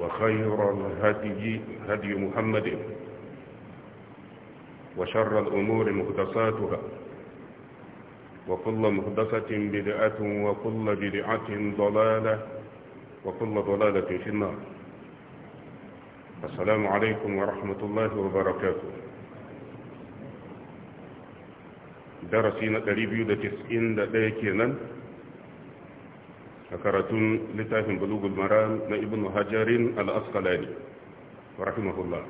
وخير الهدي هدي محمد وشر الأمور مهدساتها وكل مهدسة بدعة وكل بدعة ضلالة وكل ضلالة في النار السلام عليكم ورحمة الله وبركاته درسنا قريب يدى تسئين لديكنا ذكرة لتاه بلوغ المرام ابن هجر الأسقلاني رحمه الله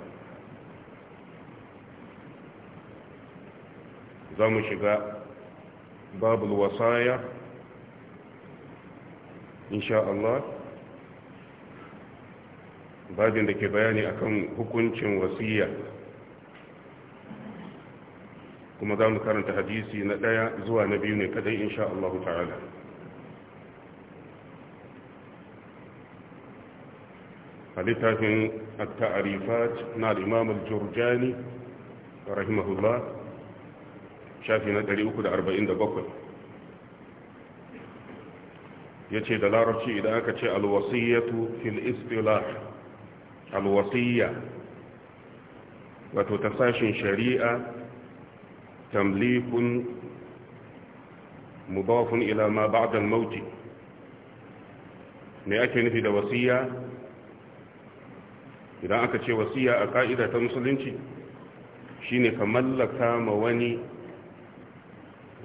زام شقاء باب الوصايا إن شاء الله باب عندك بياني أكم حكم وصية كما دام كانت حديثي نتايا زوى نبينا كذي إن شاء الله تعالى littafin at-ta'rifat na al-imam al-jurjani rahimahullah shafi na 347 yace da larabci idan aka ce al-wasiyatu fil istilah al-wasiyya wato tasashin shari'a tamlikun mudafun ila ma ba'da al-maut me ake nufi da wasiyya idan aka ce wasiya a ka'ida ta musulunci shine ka mallaka ma wani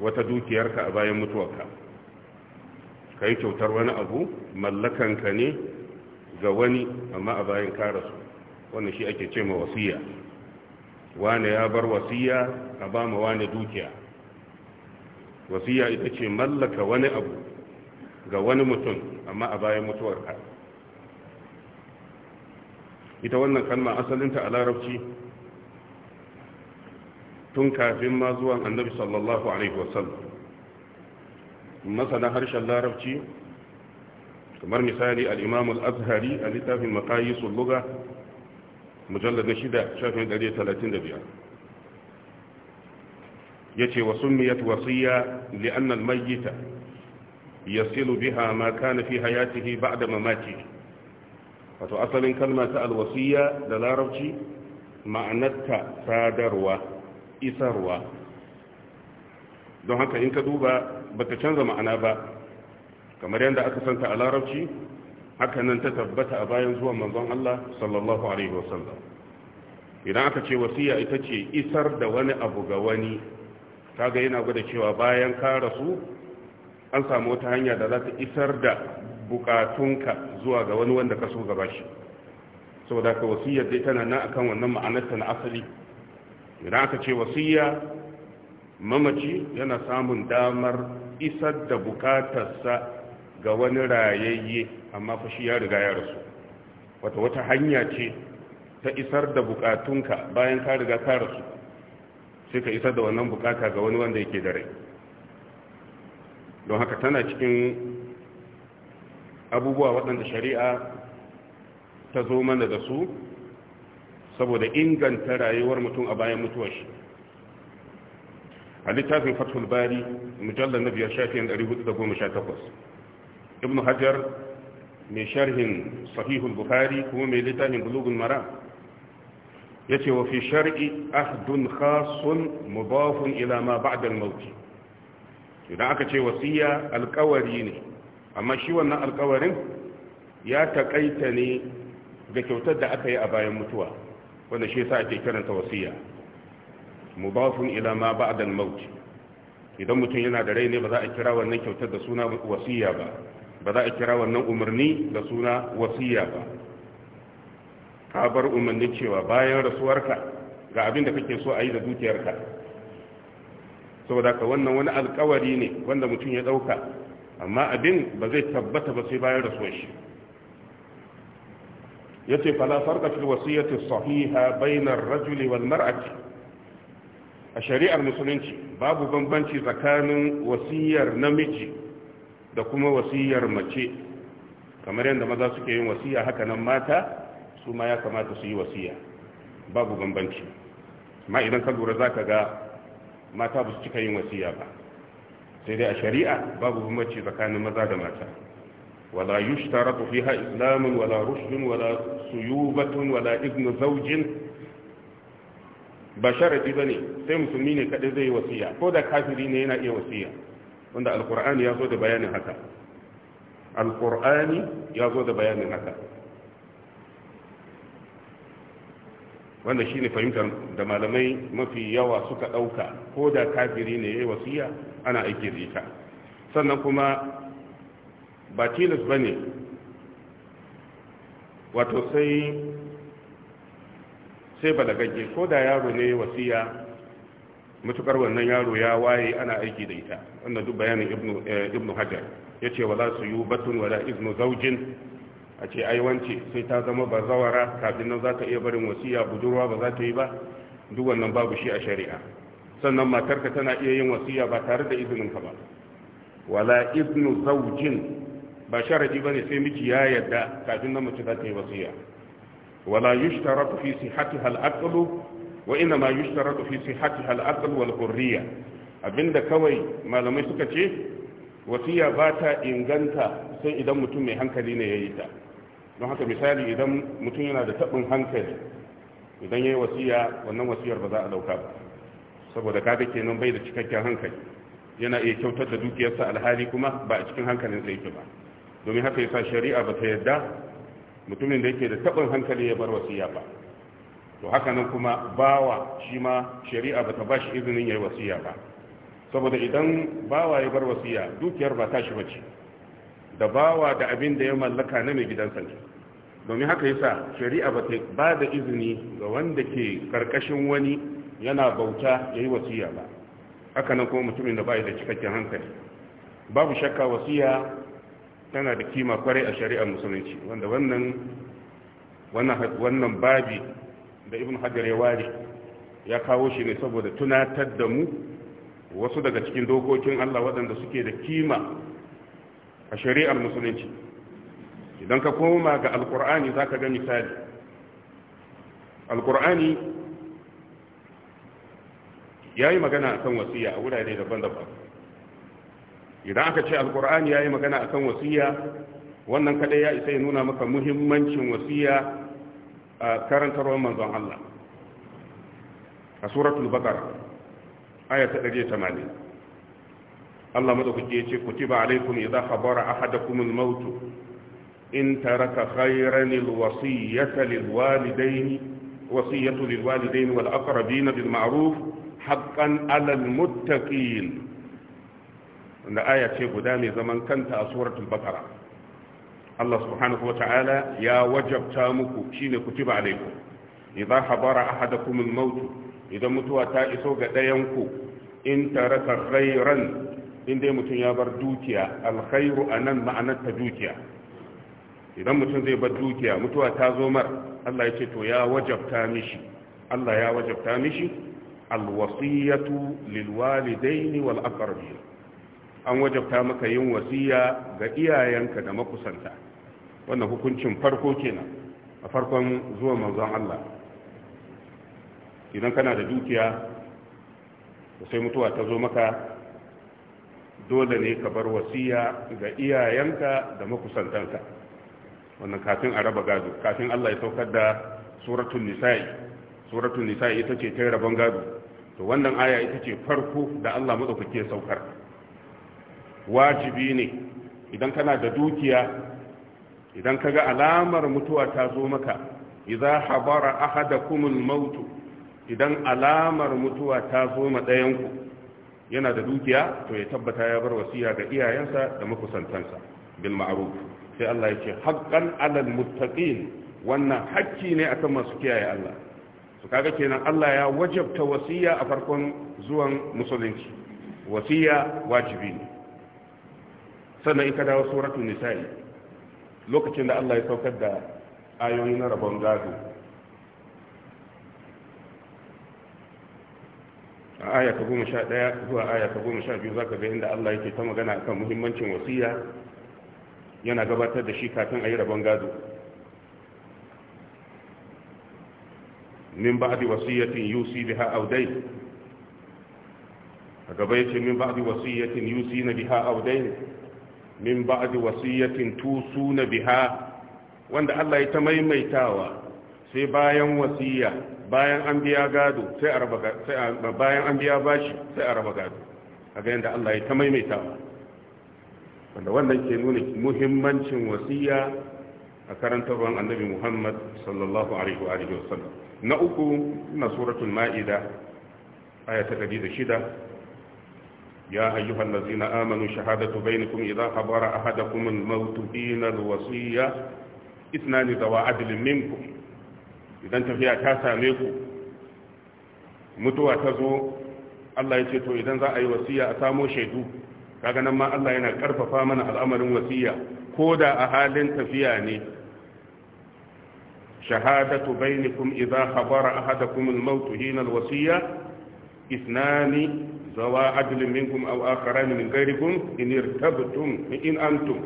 wata dukiyarka a bayan mutuwarka ka yi kyautar wani abu mallakanka ne ga wani amma a bayan karasu wannan shi ake ce ma wasiya wane ya bar wasiya a ba ma wane dukiya wasiya ita ce mallaka wani abu ga wani mutum amma a bayan mutuwarka ita wannan kalma asalinta a larabci tun kafin ma zuwan annabi sallallahu alaihi wasallam masana harshen larabci kamar misali al-imam azhari a littafin maqayisul lugha mujallar na shida shafin 135 yace wa summiyat wasiya li'anna mayita yasilu biha ma kana fi hayatihi da mamaki. wato asalin kalma ta alwasiya da larabci ma'anarta sadarwa isarwa don haka in ka duba bata canza ma'ana ba kamar yadda aka santa a larabci hakanan ta tabbata a bayan zuwan manzon Allah sallallahu alaihi wasallam idan aka ce wasiya ita ce isar da wani abu ga wani kaga yana gwada cewa bayan ka rasu an samu wata hanya da za ta isar da bukatunka zuwa ga wani wanda ka so gaba shi saboda ka wasiyar dai tana nan akan wannan ma'anarta na asali idan aka ce wasiya mamaci yana samun damar isar da bukatarsa ga wani rayayye amma fa shi ya riga ya rasu wata wata hanya ce ta isar da bukatunka bayan ka riga ka rasu sai ka isar da wannan bukata ga wani wanda yake da rai don haka tana cikin abubuwa waɗanda shari'a ta zo mana da su saboda inganta rayuwar mutum a bayan mutuwar shi a littafin fathul bari mujallar na biyar shafiyan 418 ibn hajar mai sharhin sahihul buhari kuma mai littafin bulugun mara ya ce wa fi shar'i ahdun khasun mubafun ila ma ba'da al idan aka ce wasiya alkawari ne amma shi wannan alkawarin ya takaita ne ga kyautar da aka yi a bayan mutuwa wanda shi sa ake kiranta wasiya mubafun ila ma ba'da al-maut idan mutum yana da rai ne ba za a kira wannan kyautar da suna wasiya ba ba za a kira wannan umarni da suna wasiya ba ka bar umarni cewa bayan rasuwarka ga abin da kake so a yi da dukiyarka saboda ka wannan wani alkawari ne wanda mutum ya dauka amma abin ba zai tabbata ba sai bayan rasuwar shi yace fala farka fil wasiyyati sahiha bainar rajuli wal mar'ati a shari'ar musulunci babu bambanci tsakanin wasiyar namiji da kuma wasiyar mace kamar yadda maza suke yin wasiya haka nan mata su ma ya kamata su yi wasiya babu bambanci ma idan ka lura zaka ga mata ba su cika yin wasiya ba sai dai a shari'a babu bambanci tsakanin maza da mata wala yushtaratu fiha islamun wala rushdun wala suyubatun wala ibn zawjin ba sharadi bane sai musulmi ne kadai zai wasiya ko da kafiri ne yana iya wasiya wanda alqur'ani ya zo da bayanin haka alqur'ani ya zo da bayanin haka wanda shine fahimtar da malamai mafi yawa suka dauka ko da kafiri ne yayi wasiya ana aiki da ita sannan kuma ba tilas ba ne wato sai sai ko da yaro ne wasiya matukar wannan yaro ya waye ana aiki da ita wannan duk bayanin ibnu eh, hajar ya ce wala su yi batun wala iznu zaujin a ce aiwanci sai ta zama ba zawara kafin nan za iya barin wasiya budurwa ba za ta yi ba duk wannan babu shi a shari'a sannan matarka tana iya yin wasiya ba tare da izinin ka ba wala iznu zawjin ba sharadi bane sai miji ya yarda kafin nan mace za ta yi wasiya wala yushtaratu fi sihhatiha al-aql wa inna ma yushtaratu fi sihhatiha al-aql wal hurriya abinda kawai malamai suka ce wasiya ba ta inganta sai idan mutum mai hankali ne ya yi ta don haka misali idan mutum yana da taɓin hankali idan ya yi wasiya wannan wasiyar ba za a ɗauka ba saboda kaga kenan bai da cikakken hankali yana iya kyautar da dukiyarsa alhali kuma ba a cikin hankalin sa ke ba domin haka yasa shari'a ba ta yarda mutumin da yake da taɓin hankali ya bar wasiya ba to haka nan kuma bawa shi ma shari'a ba ta ba shi izinin ya yi wasiya ba saboda idan bawa ya bar wasiya dukiyar ba ta shi bace da bawa da abin da ya mallaka na mai gidansa ne domin haka yasa shari'a ba ta ba da izini ga wanda ke karkashin wani yana bauta yayi wasiya ba haka nan kuma mutumin da bai da cikakken hankali babu shakka wasiya tana da kima kware a shari'ar musulunci wanda wannan wannan wannan babi da ibn hajar ya ware ya kawo shi ne saboda tunatar da mu wasu daga cikin dokokin Allah waɗanda suke da kima a shari'ar musulunci idan ka koma ga alkur'ani za ka ga misali alkur'ani ya yi magana a kan wasiya a wurare daban-daban idan aka ce alkur'ani ya yi magana a kan wasiya wannan kadai ya isa ya nuna maka muhimmancin wasiya a karantarwar manzon Allah a suratul baqara aya ta 180 Allah madaukake ya ce kutiba alaikum idza khabara ahadakum al-maut in taraka khayran al-wasiyata lil-walidayn wasiyatu lil-walidayn wal-aqrabin bil-ma'ruf haqqan alal muttaqin wanda aya ce guda mai zaman kanta a suratun bakara Allah subhanahu wata'ala ya wajabta muku shine kutiba alaiku idza habara ahadakum al-maut idan mutuwa ta iso ga dayan ku in taraka khairan in dai mutum ya bar dukiya alkhairu anan ma'anar ta dukiya idan mutum zai bar dukiya mutuwa ta zo mar Allah ya ce to ya wajabta mishi Allah ya wajabta mishi alwasiyatu lilwalidaini wal aqrabin an wajabta maka yin wasiya ga iyayenka da makusanta wannan hukuncin farko kenan a farkon zuwa manzon Allah idan kana da dukiya sai mutuwa ta zo maka dole ne ka bar wasiya ga iyayenka da makusantanka wannan kafin a raba gado kafin Allah ya saukar da suratul nisa'i suratul nisa'i ita ce ta rabon gado to wannan aya ita ce farko da Allah madaukake ya saukar wajibi ne idan kana da dukiya idan kaga alamar mutuwa ta zo maka idza habara ahadakumul maut idan alamar mutuwa ta zo ma dayanku yana da dukiya to ya tabbata ya bar wasiya ga iyayensa da makusantansa bil ma'ruf sai Allah ya ce haqqan alal muttaqin wannan hakki ne akan masu kiyaye Allah su kaga kenan Allah ya wajabta wasiya a farkon zuwan musulunci wasiya wajibi ne sannan in ka dawo suratul nisa'i lokacin da Allah ya saukar da ayoyi na rabon gado a aya ta goma sha ɗaya zuwa aya ta goma sha biyu za ka ga inda Allah yake ta magana akan muhimmancin wasiya yana gabatar da shi kafin a yi rabon gado min ba'di wasiyatin yusi biha aw dayn a gaba yace min ba'di wasiyatin yusi na biha aw dayn min ba'di wasiyatin tusuna biha wanda Allah ya ta maimaitawa sai bayan wasiyya bayan an biya gado sai a raba sai bayan an biya bashi sai a raba gado kaga yanda Allah ya ta maimaitawa wanda wannan ke nuna muhimmancin wasiyya a karanta ruwan annabi Muhammad sallallahu alaihi wa sallam. na uku na suratul ma'ida aya ta shida. ya ayyuhal ladzina amanu shahadatu bainakum idha habara ahadakum al-maut ila al-wasiyya ithnani dawa adlin minkum idan tafiya ta same ku mutuwa ta zo Allah ya ce to idan za a yi wasiya a samo shaidu kaga nan ma Allah yana karfafa mana al'amarin wasiya ko da a halin tafiya ne shahadatu bainakum idza khabara ahadakum al-maut hina al-wasiya ithnani zawa adlin minkum aw akharan min ghayrikum in irtabtum in antum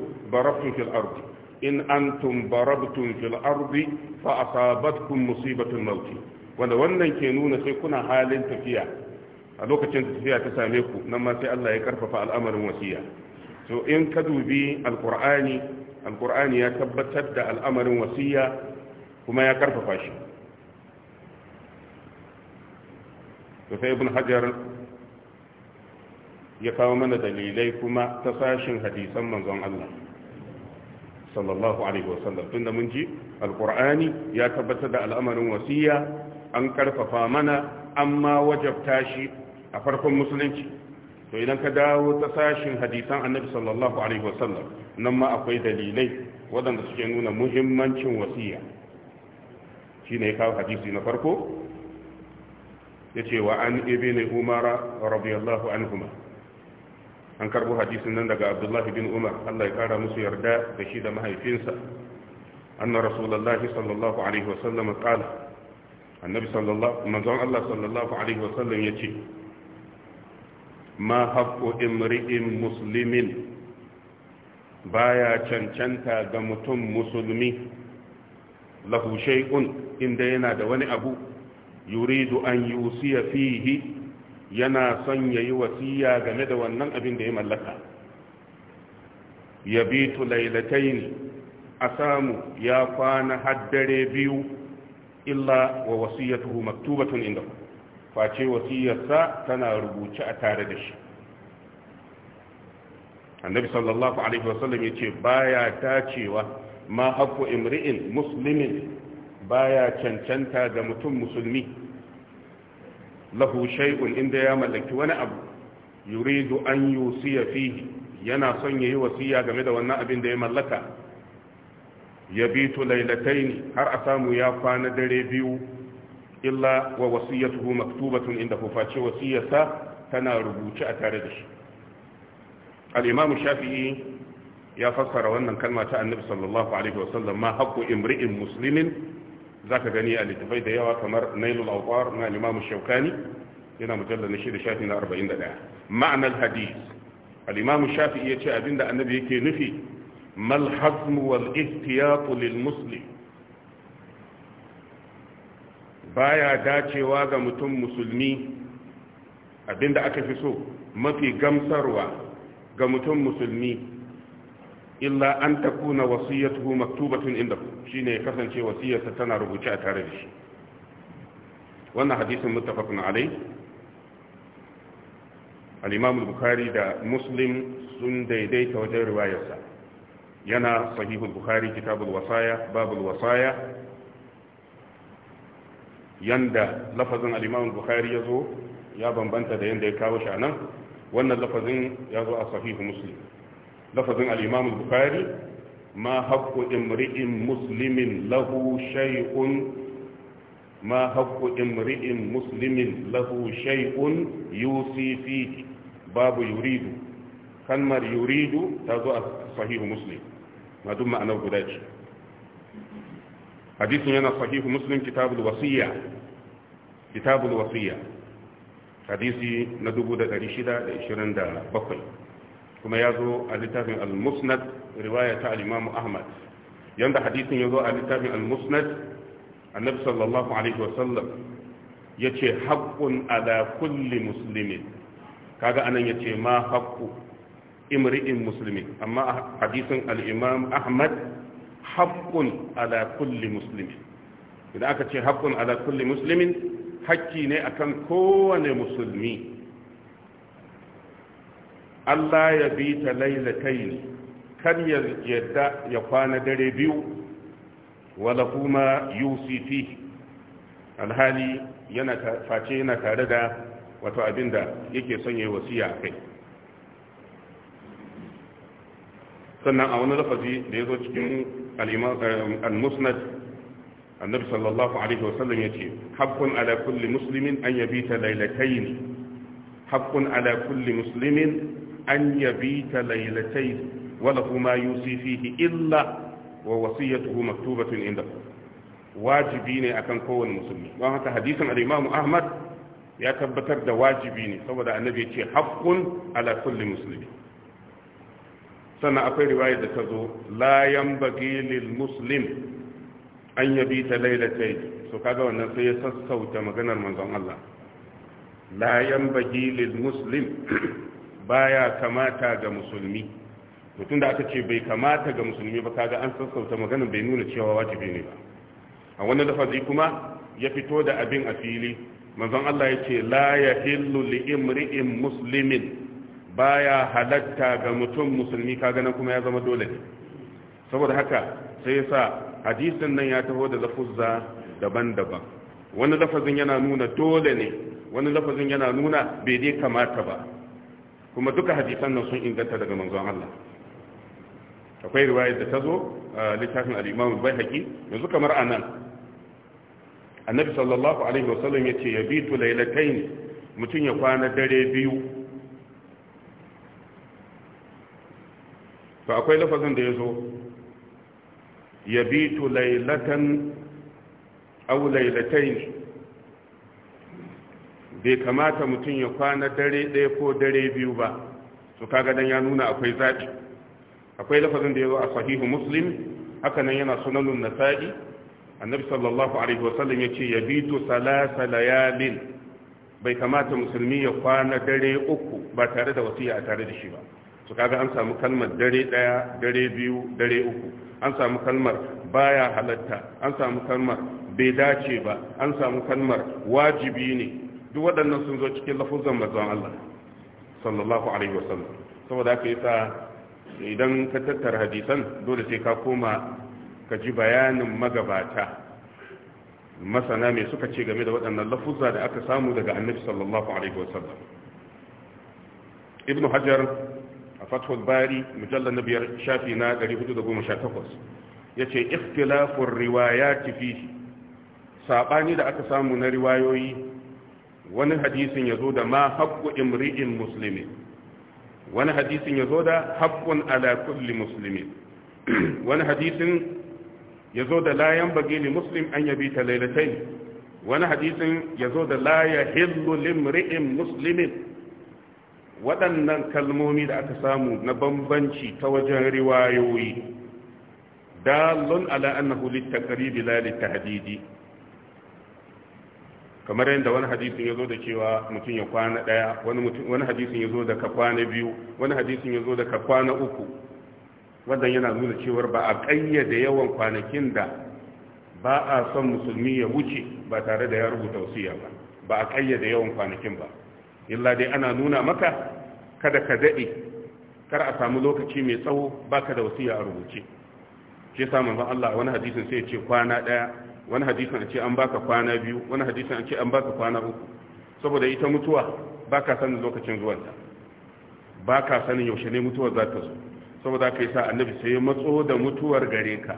in antum barabtum fil ardi fa asabatkum musibatul maut wanda wannan ke nuna sai kuna halin tafiya a lokacin tafiya ta same ku nan ma sai Allah ya karfafa al'amarin wasiya to in ka dubi alqur'ani Alƙur'ani ya tabbatar da al'amarin wasiya kuma ya karfafa shi to sai ibn hajar ya kawo mana dalilai kuma ta sashin hadisan manzon Allah sallallahu alaihi wasallam tunda mun ji alqur'ani ya tabbatar da al'amarin wasiya an karfafa mana amma wajabta shi a farkon musulunci to idan ka dawo ta sashin hadisan annabi sallallahu alaihi wasallam nan ma akwai dalilai waɗanda suke nuna muhimmancin wasiya shine ya kawo hadisi na farko Ya ce wa an ibn umara radiyallahu anhuma an karbo hadisin nan daga abdullahi bin umar Allah ya kara musu yarda da shi da mahaifinsa anna rasulullahi sallallahu alaihi wasallam qala annabi sallallahu manzon Allah sallallahu alaihi wasallam ce. ma haqqu imri'in muslimin baya cancanta ga mutum musulmi lahu shay'un inda yana da wani abu yuridu an yusiya fihi yana son yayi wasiya game da wannan abin da ya mallaka yabitu laylatayn asamu ya kwana haddare biyu illa wa wasiyatuhu maktubatun inda face wasiyarsa tana rubuce a tare da shi annabi sallallahu alaihi wasallam ya ce baya dacewa ma haƙƙu imri'in ba baya cancanta ga mutum musulmi lahu shay'un inda ya mallaki wani abu yuridu an yusiya fihi yana son yayi wasiya game da wannan abin da ya mallaka yabitu laylatayn har a samu ya kwana dare biyu illa wa wasiyatuhu maktubatun inda face wasiyarsa tana rubuce a tare da shi al-imam shafi'i ya fassara wannan kalma ta annabi sallallahu alaihi wasallam ma haqqu imri'in muslimin zaka gani a littafai da yawa kamar nailul awqar na al-imam shaukani yana mujallal na shida shafi na 41 ma'anar hadith al-imam shafi'i ce abinda annabi yake nufi mal hazm wal ihtiyat lil muslim baya dacewa ga mutum musulmi abinda aka fi so mafi gamsarwa ga mutum musulmi illa an takuna wasiyatuhu maktubatun inda shine ya kasance wasiyarsa tana rubuce a tare da shi wannan hadisin muttafaqun alai al-imam al-bukhari da muslim sun daidaita wajen riwayarsa yana sahihul bukhari kitabul wasaya babul wasaya yanda lafazin al-imam al-bukhari yazo ya bambanta da yanda ya kawo shi anan wannan lafazin yazo a sahihu muslim lafazin al-imam al-bukhari ma haqqu imri'in lahu shay'un ma haqqu imri'in lahu shay'un yusi babu yuridu kalmar yuridu ta zo a sahihu muslim ma ma'anar guda ce hadisin yana sahihu muslim kitabul wasiya kitabul wasiya hadisi na kuma ya zo a littafin al-musnad riwaya ta al-imamu ahmad yanda hadisin ya zo a littafin al-musnad annabi sallallahu alaihi wa sallam ya ce haƙƙun ala kulli muslimin kaga anan ya ce ma haƙƙu imri'in musulmi amma a hadisin al-imam ahmad haƙƙun ala kulli muslimin idan aka ce haƙƙun ala kulli muslimin hakki ne akan kowane musulmi Allah ya bi ta laila lailatai kan ya yadda ya kwana dare biyu wala kuma UCT alhali yana face yana tare da wato abinda yake son yayi wasiya akai sannan a wani lafazi da ya zo cikin eh, al-musnad annabi sallallahu alaihi wasallam yace haqqun ala kulli muslimin an yabita laylatayn haqqun ala kulli muslimin an yabita lailatai wala kuma yusi fihi illa wa wasiyatuhu maktubatun inda wajibi ne akan kowane musulmi don haka hadisin al-Imam Ahmad ya tabbatar da wajibi ne saboda annabi ya ce haqqun ala kulli muslimi sannan akwai riwaya da ta zo la yanbaghi lil muslim an yabita lailatai so kaga wannan sai ya sassauta maganar manzon Allah Layan yanbaghi lil muslim baya kamata ga musulmi mutum da aka ce bai kamata ga musulmi ba kaga an sassauta maganin bai nuna cewa wajibi ne ba a wannan lafazi kuma ya fito da abin a fili manzon Allah ya ce la ya hillu li imri'in muslimin baya halatta ga mutum musulmi kaga nan kuma ya zama dole ne saboda haka sai yasa hadisin nan ya taho da lafuzza daban-daban wani lafazin yana nuna dole ne wani lafazin yana nuna bai dai kamata ba kuma duka hadisan nan sun inganta daga manzon Allah akwai riwaya da tazo a littafin al-Imam al-Baihaqi yanzu kamar anan annabi sallallahu alaihi wasallam yace yabitu laylatayn mutun ya kwana dare biyu to akwai lafazin da yazo yabitu laylatan aw laylatayn bai kamata mutum ya kwana dare ɗaya ko dare biyu ba to kaga dan ya nuna akwai zaɓi akwai lafazin da ya zo a sahihu muslim haka nan yana sunanun nasa'i annabi sallallahu alaihi wasallam ya ce ya bitu salasa layalin bai kamata musulmi ya kwana dare uku ba tare da wasiya a tare da shi ba to kaga an samu kalmar dare ɗaya dare biyu dare uku an samu kalmar baya halatta an samu kalmar bai dace ba an samu kalmar wajibi ne duk waɗannan sun zo cikin lafuzan mazan Allah sallallahu alaihi wasallam saboda haka yasa idan ka tattara hadisan dole sai ka koma ka ji bayanin magabata masana mai suka ce game da waɗannan lafuzza da aka samu daga annabi sallallahu alaihi wasallam ibnu hajar a fathul bari mujallar na biyar shafi na 418 ya ce ikhtilafun riwaya fihi saɓani da aka samu na riwayoyi wani hadisin ya zo da ma haƙƙu imri'in musulmi wani hadisin ya zo da haƙƙun ala kulli musulmi wani hadisin ya zo da layan bagi li muslim an yabi ta lailatai wani hadisin ya zo da laya hillu limri'in muslimin waɗannan kalmomi da aka samu na bambanci ta wajen riwayoyi dalun ala annahu littaqribi la litahdidi kamar yadda wani hadisin ya zo da cewa mutum ya kwana ɗaya wani hadisin ya zo da ka kwana biyu wani hadisin ya zo da ka kwana uku wannan yana nuna cewar ba a ƙayyade yawan kwanakin da ba a son musulmi ya wuce ba tare da ya rubuta wasiya ba ba a ƙayyade yawan kwanakin ba illa dai ana nuna maka kada ka daɗe kar a samu lokaci mai tsawo baka da wasiya a rubuce shi sa manzon Allah wani hadisin sai ya ce kwana ɗaya wani hadisin a ce an baka kwana biyu wani hadisin a ce an baka kwana uku saboda ita mutuwa ba ka sanin lokacin zuwanta ba ka sanin yaushe ne mutuwar za ta zo saboda ka yi sa annabi sai ya matso da mutuwar gare ka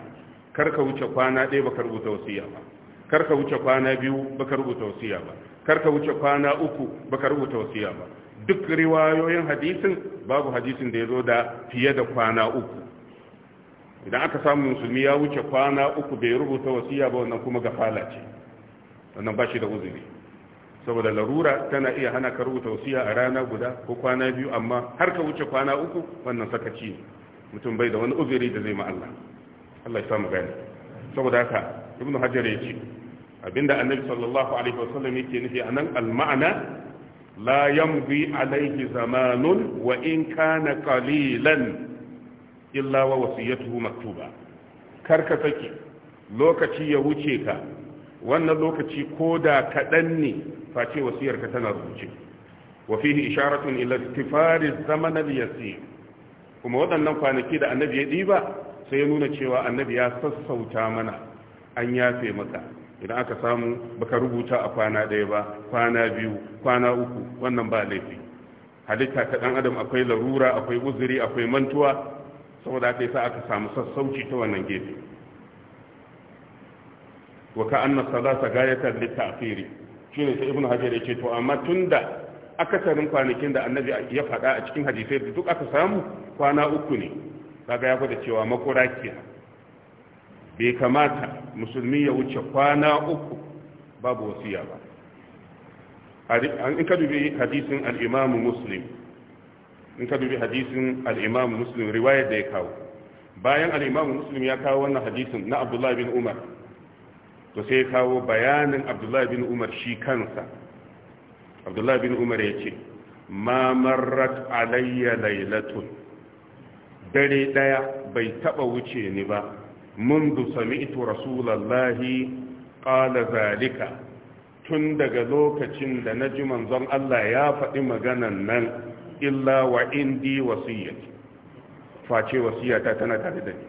kar ka wuce kwana ɗaya baka rubuta wasiya ba kar ka wuce kwana biyu baka rubuta wasiya ba kar ka wuce kwana uku baka rubuta wasiya ba duk riwayoyin hadisin babu hadisin da ya zo da fiye da kwana uku idan aka samu musulmi ya wuce kwana uku bai rubuta wasiya ba wannan kuma gafala ce wannan ba shi da uzuri saboda larura tana iya hana ka rubuta wasiya a rana guda ko kwana biyu amma har ka wuce kwana uku wannan sakaci ne mutum bai da wani uzuri da zai ma Allah Allah ya samu gani saboda haka ibn hajar ya ce abinda annabi sallallahu alaihi wasallam yake nufi anan al-ma'ana la yamdi alaihi zamanun wa in kana qalilan illa wa wasiyatuhu maktuba kar ka saki lokaci ya wuce ka wannan lokaci ko da kaɗan ne face wasiyarka tana rubuce wa fihi isharatun ila istifari zaman al-yasir kuma waɗannan kwanaki da annabi ya ɗiba sai ya nuna cewa annabi ya sassauta mana an yafe maka idan aka samu baka rubuta a kwana ɗaya ba kwana biyu kwana uku wannan ba laifi halitta ta ɗan adam akwai larura akwai uzuri akwai mantuwa saboda aka yi sa aka samu sassauci ta wannan gefe wa ka anna salata gayatar littafiri shi ne ta ibnu hajar ya ce to amma tun da akasarin kwanakin da annabi ya faɗa a cikin hadisai da duk aka samu kwana uku ne kaga ya gwada cewa makura bai kamata musulmi ya wuce kwana uku babu wasiya ba in ka dubi hadisin al-imam muslim in ka dubi hadisin al muslim riwayar da ya kawo bayan al-imam muslim ya kawo wannan hadisin na abdullahi bin umar to sai ya kawo bayanin abdullahi bin umar shi kansa abdullahi bin umar ya ce ma marrat alayya lailatun dare daya bai taba wuce ni ba Mun سمعت رسول rasulallahi ƙala zalika tun daga lokacin da na ji manzon Allah ya faɗi maganan nan illa wa indi wasiyyati face wasiyata tana tare da ni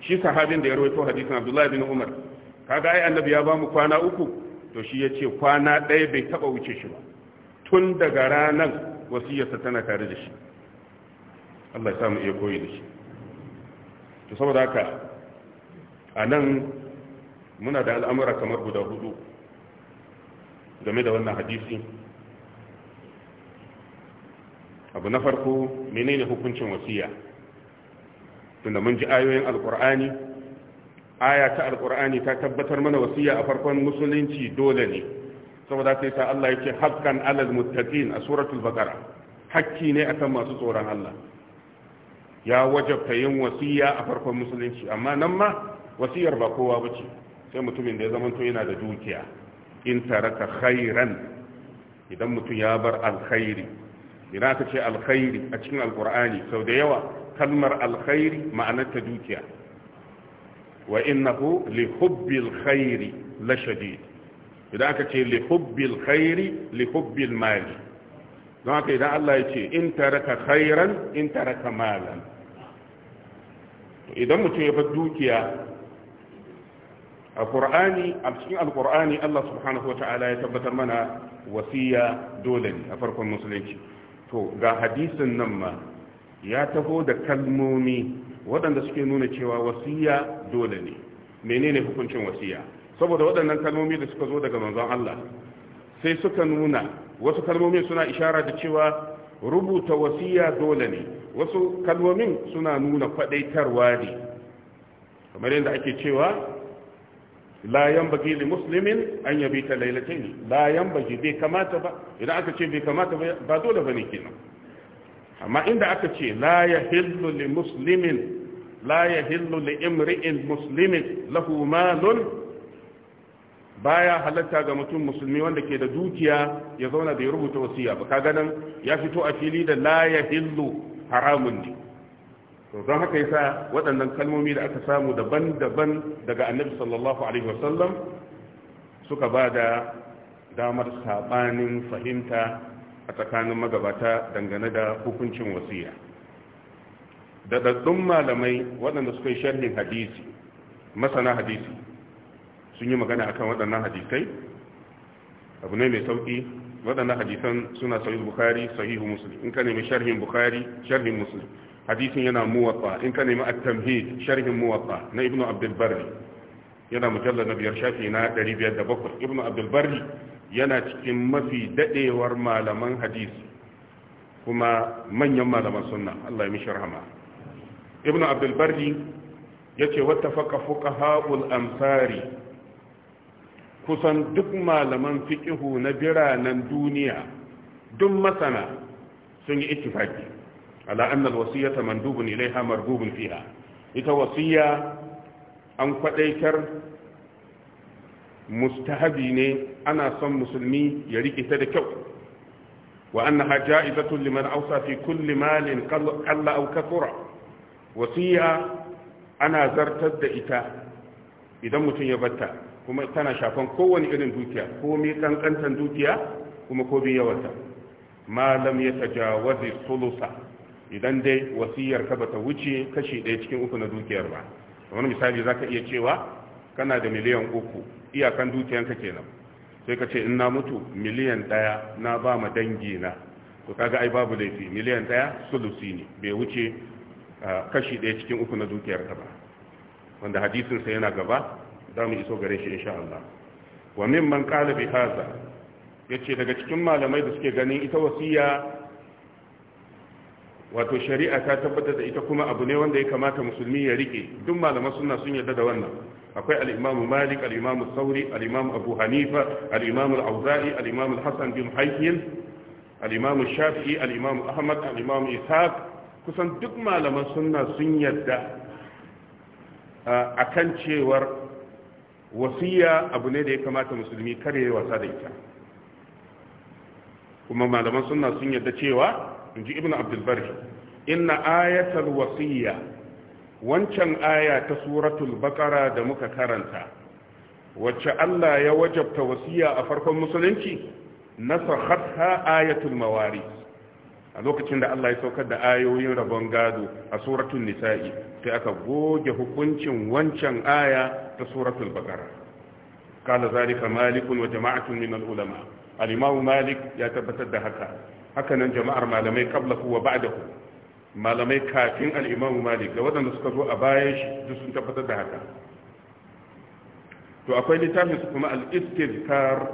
shi sahabin da ya rawaito hadisin Abdullah bin Umar kaga ai annabi ya bamu kwana uku to shi yace kwana ɗaya bai taba wuce shi ba tun daga ranan wasiyarsa tana tare da shi Allah ya samu iya koyi da shi to saboda haka anan muna da al'amura kamar guda hudu game da wannan hadisi abu na farko menene hukuncin wasiya tunda mun ji ayoyin alkur'ani aya ta alkur'ani ta tabbatar mana wasiya a farkon musulunci dole ne saboda sai sa Allah yake haqqan alal muttaqin a suratul baqara hakki ne akan masu tsoron Allah ya wajabta yin wasiya a farkon musulunci amma nan ma wasiyar ba kowa bace sai mutumin da ya zamanto yana da dukiya in taraka khairan idan mutum ya bar alkhairi idan aka ce alkhairi a cikin alkur'ani sau da yawa kalmar alkhairi ma'anarta dukiya wa innahu li hubbil khairi la shadid idan aka ce li hubbil khairi li hubbil mali don haka idan Allah ya ce in taraka khairan in taraka malan idan mutum ya bar dukiya a qur'ani a cikin Alƙur'ani Allah subhanahu wa ta'ala ya tabbatar mana wasiya dole ne a farkon musulunci to ga hadisin nan ma ya taho da kalmomi waɗanda suke nuna cewa wasiya dole ne menene hukuncin wasiya saboda waɗannan kalmomi da suka zo daga manzon Allah sai suka nuna wasu kalmomin suna ishara da cewa rubuta wasiya dole ne wasu kalmomin suna nuna kwadaitarwa ne kamar yadda ake cewa la yanbaghi li muslimin an yabita laylatayn la yanbaghi bai kamata ba idan aka ce bai kamata ba ba dole bane kenan amma inda aka ce la yahillu li muslimin la yahillu li imri'in muslimin lahu malun baya halatta ga mutum musulmi wanda ke da dukiya ya zauna da ya rubuta wasiya ba ka ganin ya fito a fili da la yahillu haramun ne to don haka yasa waɗannan kalmomi da aka samu daban-daban daga annabi sallallahu alaihi wasallam suka ba da damar saɓanin fahimta a tsakanin magabata dangane da hukuncin wasiya da daddun malamai waɗanda suka yi sharhin hadisi masana hadisi sun yi magana akan waɗannan hadisai abu ne mai sauƙi waɗannan hadisan suna sahih bukhari sahihu muslim in ka nemi sharhin bukhari sharhin muslim hadisin yana muwatta in ka nemi at-tamhid sharhin muwatta na ibnu abdul barri yana mujallal na biyar shafi na 507 ibnu abdul barri yana cikin mafi dadewar malaman hadisi kuma manyan malaman sunna Allah ya mishi rahama ibnu abdul barri yace wattafaqa fuqaha'ul amsari kusan duk malaman fiƙihu na biranen duniya duk masana sun yi ittifaki ala wasiyata alwasiyata mandubun ilaiha marbubun fiha ita wasiya an kwadaitar mustahabi ne ana son musulmi ya rikita da kyau wa annaha ja'izatun liman awsa fi kulli malin qalla aw kathura wasiya ana zartar da ita idan mutum ya batta kuma tana shafan kowane irin dukiya ko mai kankantan dukiya kuma ko bin yawanta ma lam yatajawazi sulusa idan dai wasiyar ka bata wuce kashi ɗaya cikin uku na dukiyar ba wani misali za ka iya cewa kana da miliyan uku iyakan dukiyanka kenan sai ka ce in na mutu miliyan ɗaya na ba ma dangi na to kaga ai babu laifi miliyan ɗaya sulusi ne bai wuce kashi ɗaya cikin uku na dukiyar ka ba wanda hadisinsa yana gaba za mu iso gare shi insha Allah wa mimman qala bi hadha yace daga cikin malamai da suke ganin ita wasiya wato shari'a ta tabbatar da ita kuma abu ne wanda ya kamata musulmi ya rike duk malaman sunna sun yarda da wannan akwai al-imamu malik al-imamu sauri al-imamu abu hanifa al-imamu al awzai al-imamu al-hasan bin hayyin al-imamu shafi'i al-imamu ahmad al-imamu ishaq kusan duk malaman sunna sun yarda akan cewar wasiya abu ne da ya kamata musulmi kare wasa da ita kuma malaman sunna sun yarda cewa inji ibn abdulbari inna ayatul wasiya wancan aya ta suratul bakara da muka karanta wacce Allah ya wajabta wasiya a farkon musulunci nasakhatha ayatul mawari a lokacin da Allah ya saukar da ayoyin rabon gado a suratul nisa'i sai aka goge hukuncin wancan aya ta suratul bakara kala zalika malikun wa jama'atun min al-ulama al-imam malik ya tabbatar da haka haka nan jama'ar malamai qablahu wa ba'dahu malamai kafin al Malik da waɗanda suka zo a bayan shi duk sun tabbatar da haka to akwai littafin su kuma al-Istizkar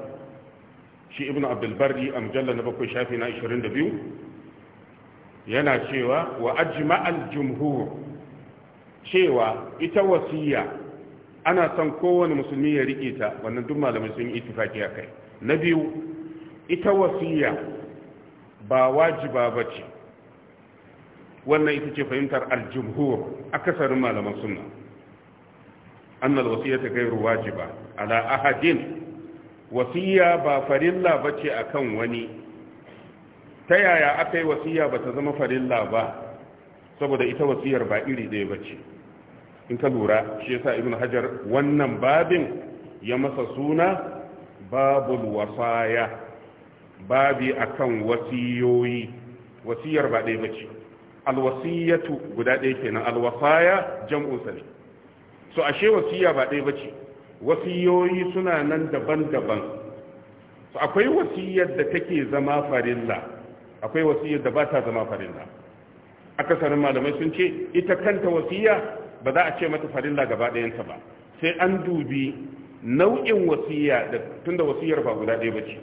shi Ibn Abdul a mujallar na bakwai shafi na 22 yana cewa wa ajma'al jumhur cewa ita wasiya ana son kowane musulmi ya rike ta wannan duk malamai sun yi ittifaki kai na biyu ita wasiya ba wajiba ba ce wannan ita ce fahimtar aljumhur akasarin malaman sunna annal wasiyata gairu wajiba ala ahadin wasiya ba farilla bace akan wani ta yaya aka yi wasiya ba ta zama farilla ba saboda ita wasiyar ba iri ɗaya ce. in ka lura shi yasa ibn hajar wannan babin ya masa suna babul wasaya babi akan wasiyoyi wasiyar ba ɗaya bace alwasiyatu guda ɗaya kenan alwasaya jam'un ne so ashe wasiya ba ɗaya bace wasiyoyi suna nan daban-daban so akwai wasiyar da take zama farilla akwai wasiyar da ba ta zama farilla akasarin malamai sun ce ita kanta wasiya ba za a ce mata farilla gaba ɗayanta ba sai an dubi nau'in wasiya da tunda wasiyar ba guda ɗaya bace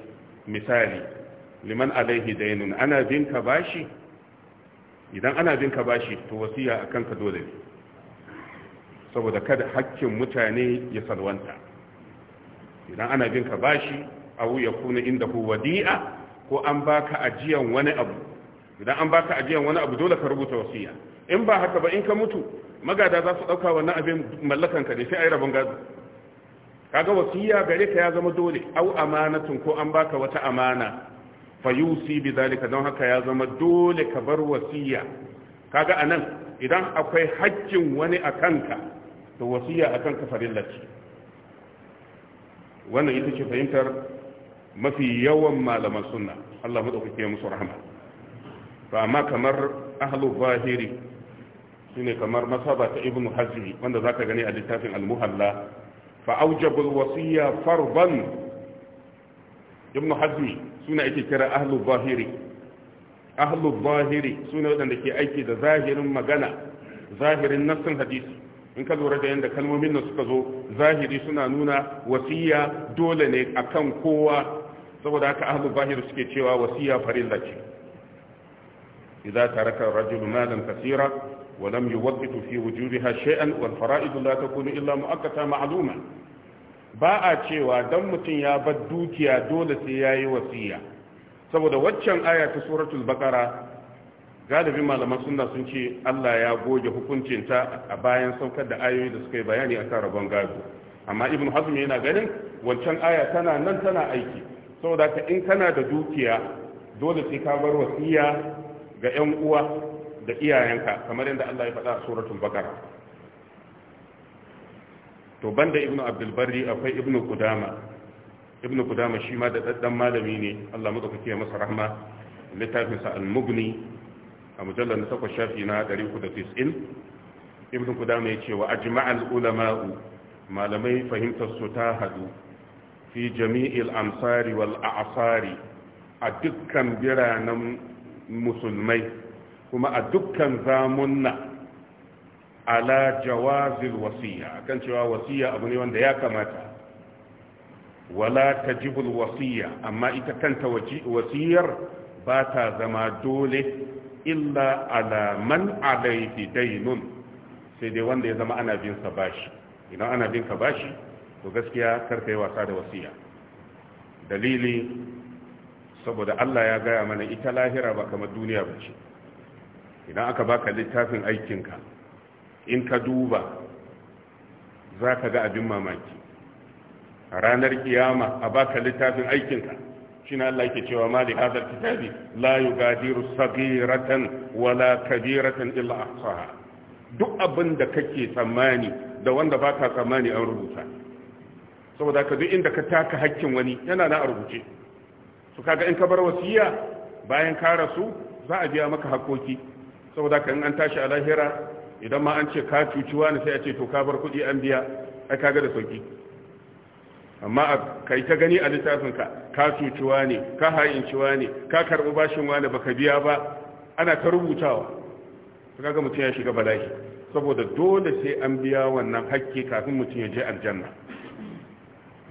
misali liman alaihi dainun ana bin ka bashi idan ana bin ka bashi to wasiya akan ka dole ne saboda kada hakkin mutane ya salwanta idan ana bin ka bashi abu ya kuna inda ku wadi'a ko an baka ajiyan wani abu idan an baka ajiyan wani abu dole ka rubuta wasiya in ba haka ba in ka mutu magada za su dauka wannan abin mallakan ka ne sai ai rabon gado kaga wasiya gare ka ya zama dole au amanatun ko an baka wata amana fa yusi bi zalika don haka ya zama dole ka bar wasiya kaga anan idan akwai haƙƙin wani a kanka to wasiya a kanka farilla ce wannan ita ce fahimtar mafi yawan malaman sunna Allah madaukake musu rahma to amma kamar ahlu zahiri shine kamar masaba ta ibnu hazmi wanda zaka gani a littafin al-muhalla Ba aujabul wasiya farban ibn hazmi suna ake kira ahlu zahiri ahlu zahiri suna waɗanda ke aiki da zahirin magana zahirin nassin hadisi in ka lura da yadda kalmomin nan suka zo zahiri suna nuna wasiya dole ne akan kowa saboda haka ahlu bahiri suke cewa wasiya farilla ce taraka ar-rajulu malan ولم يوقت في وجودها شيئا والفرائض لا تكون إلا مؤقتا معلوما باء cewa dan mutum ya bar dukiya dole sai yayi wasiya saboda waccan aya ta suratul baqara galibin malaman sunna sun ce Allah ya goge hukuncinta a bayan saukar da ayoyin da suka yi bayani akan rabon gado amma ibn hazm yana ganin wancan aya tana nan tana aiki saboda ka in kana da dukiya dole sai ka bar wasiya ga 'yan uwa da iyayenka kamar yadda Allah ya faɗa a suratul baqara to banda ibnu abdul barri akwai ibnu qudama ibnu qudama shi ma da daddan malami ne Allah madaukake masa rahma littafin sa al-mughni a mujallal 8 shafi na 390 ibnu qudama yace wa ajma'a al-ulama malamai fahimtar su ta hadu fi jami'il amsari wal a'sari a dukkan biranen musulmai kuma a dukkan zamunna ala jawazil wasiya akan cewa wasiya abu ne wanda ya kamata wala tajibul wasiya amma ita kanta wasiyar ba ta zama dole illa ala man alaihi dainun sai dai wanda ya zama ana bin sa bashi idan ana bin ka bashi to gaskiya karka yi wasa da wasiya dalili saboda Allah ya gaya mana ita lahira ba kamar duniya ba ce idan aka baka littafin aikinka in ka duba za ka ga abin mamaki ranar kiyama a baka littafin aikinka shine Allah yake cewa mali hadal kitabi la yugadiru saghiratan wala kabiratan illa ahsaha duk abin da kake tsammani da wanda baka tsammani an rubuta saboda ka duk inda ka taka hakkin wani yana na a rubuce su kaga in ka bar wasiya bayan ka rasu za a biya maka hakoki saboda kan an tashi a lahira idan ma an ce ka cuci wani sai a ce to ka bar kuɗi an biya ai kaga da sauki amma kai ta gani a littafin ka ka cuci wani ka ha'inci ne ka karɓi bashin wani baka biya ba ana ta rubutawa kaga mutum ya shiga bala'i saboda dole sai an biya wannan hakki kafin mutum ya je aljanna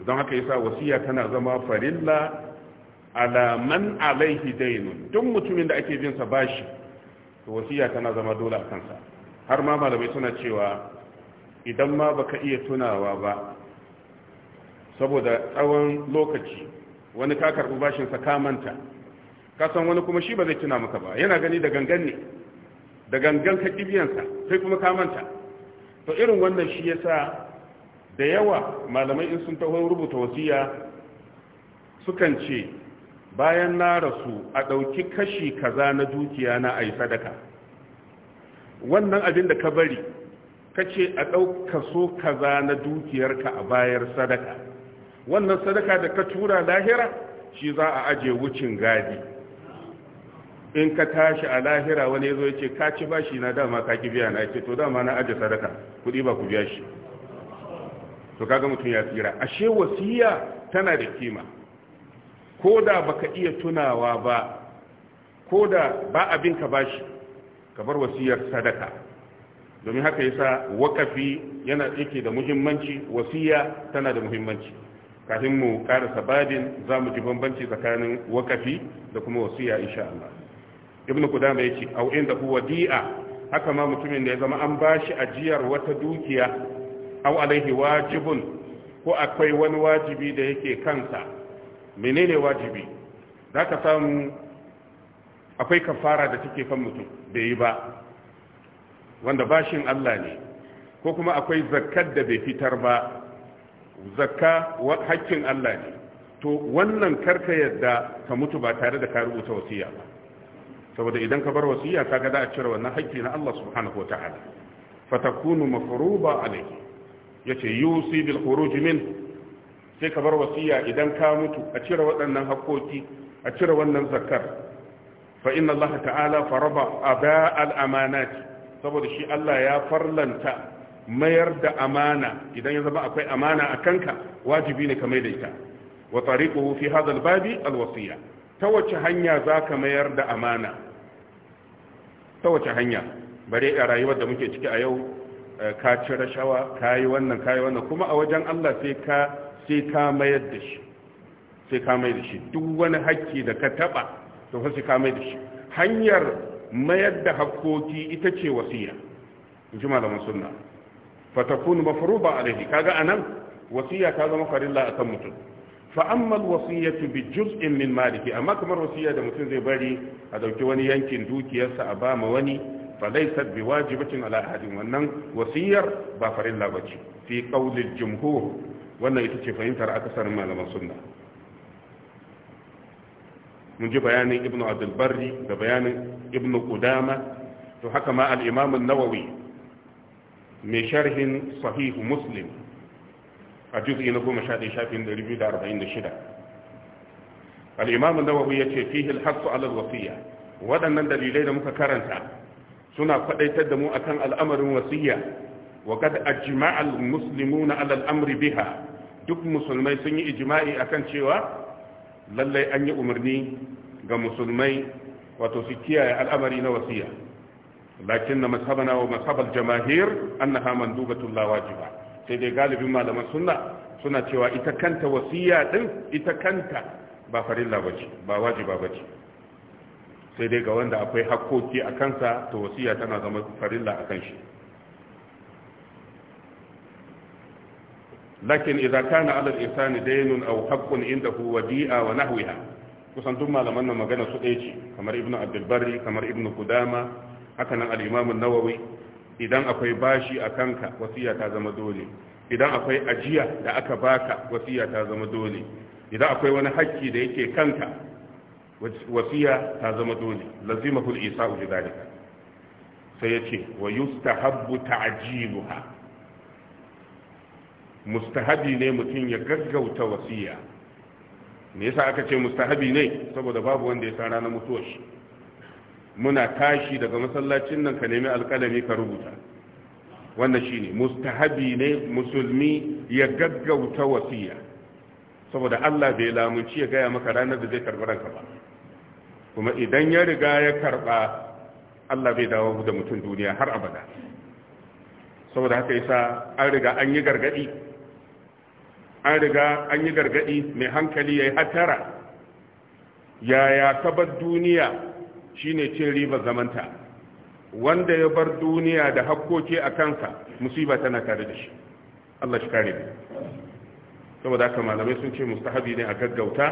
don haka yasa wasiya tana zama farilla ala man alaihi dainun duk mutumin da ake bin sa bashi to wasiya tana zama dole a kansa har ma malamai suna cewa idan ma baka iya tunawa ba saboda tsawon lokaci wani ka karɓi bashinsa ka manta ka san wani kuma shi ba zai tuna maka ba yana gani da gangan ne da gangan ka kibiyansa sai kuma ka manta to irin wannan shi yasa da yawa malamai in sun taho rubuta wasiya sukan ce bayan na rasu a ɗauki kashi kaza na dukiya na a yi sadaka wannan abin da ka bari ka ce a ɗauka so kaza na dukiyarka a bayar sadaka wannan sadaka da ka tura lahira shi za a aje wucin gadi in ka tashi a lahira wani zo ya ce ka ci bashi na dama ka ki biya na ake to dama na aje sadaka kuɗi ba ku biya shi to kaga mutum ya tsira ashe wasiya tana da kima ko da baka iya tunawa ba ko da ba abin ka bashi ka bar wasiyar sadaka domin haka yasa wakafi yana yake da muhimmanci wasiya tana da muhimmanci kafin mu karasa sababin za mu ji bambanci tsakanin wakafi da kuma wasiya insha Allah ibn kudama yace aw inda huwa di'a haka ma mutumin da ya zama an bashi ajiyar wata dukiya au alaihi wajibun ko akwai wani wajibi da yake kansa menene wajibi za ka samu akwai kafara da take kan mutum bai yi ba wanda bashin Allah ne ko kuma akwai zakkar da bai fitar ba zakka hakkin Allah ne to wannan karka yadda ka mutu ba tare da ka rubuta wasiya ba saboda idan ka bar wasiya ka ga za a cire wannan hakki na Allah subhanahu wataala fatakunu mafruba alayhi yace yusi bil khuruj min sai ka bar wasiya idan ka mutu a cire waɗannan haƙoƙi a cire wannan zakar fa inna Allah ta'ala faraba aba al amanat saboda shi Allah ya farlanta mayar da amana idan ya zama akwai amana a kanka wajibi ne ka mai da ita wa tariquhu fi hadha al-babi al-wasiya ta wace hanya zaka mayar da amana ta wace hanya bare a rayuwar da muke ciki a yau eh, ka ci rashawa ka wannan ka wannan kuma a wajen Allah sai ka sai ka mayar da shi sai ka mai da shi duk wani hakki da ka taba to sai ka da shi hanyar mayar da hakkoki ita ce wasiya in ji malaman sunna fatakunu mafruba alaihi kaga anan wasiya ta zama farilla akan mutum fa amma alwasiyatu bi juz'in min maliki amma kamar wasiya da mutum zai bari a dauki wani yankin dukiyarsa a ba ma wani fa laysat biwajibatin ala ahadin wannan wasiyar ba farilla bace fi qawli jimhu. wannan ita ce fahimtar akasarin malaman sunna mun ji bayanin ibnu abdulbarri da bayanin ibnu Ƙudama to haka ma al nawawi mai sharhin sahihu muslim a juz'i na 11 shafin 246 al nawawi yace ce al-hass alal al-wasiyya dalilai da muka karanta suna kwadaitar da mu akan al'amarin wasiyya wa kad ajma'a al-muslimuna al-amri biha duk musulmai sun yi ijima'i akan cewa lallai an yi umarni ga musulmai wato su kiyaye al'amari na wasiya lakin na mashabana wa mashabar jamahir annaha mandubatun la wajiba sai dai galibin malaman sunna suna cewa ita kanta wasiya din ita kanta ba farilla bace ba wajiba bace sai dai ga wanda akwai hakkoki a kansa to wasiya tana zama farilla a kan shi lakin idan kana ala al-insani daynun aw haqqun indahu wadi'a wa nahwiha kusan duk malaman nan magana su ɗaya ce kamar ibnu abdul barri kamar ibnu kudama haka nan al-imam an-nawawi idan akwai bashi a kanka wasiya ta zama dole idan akwai ajiya da aka baka wasiya ta zama dole idan akwai wani haƙƙi da yake kanka wasiya ta zama dole lazimahul isa'u bi dalika sai yace wa yustahabbu ta'jiluha mustahabi ne mutum ya gaggauta wasiya me yasa aka ce mustahabi ne saboda babu wanda ya san ranar mutuwar shi muna tashi daga masallacin nan ka nemi alƙalami ka rubuta wannan shine mustahabi ne musulmi ya gaggauta wasiya saboda Allah bai lamunci ya gaya maka ranar da zai karɓi ranka ba kuma idan ya riga ya karɓa Allah bai dawo da mutum duniya har abada saboda haka yasa an riga an yi gargadi an riga an yi gargadi mai hankali ya yi hatara yaya ka bar duniya shine cin riba zamanta wanda ya bar duniya da hakkoki a kansa musiba tana tare da shi Allah shi kare saboda haka malamai sun ce mustahabi ne a gaggauta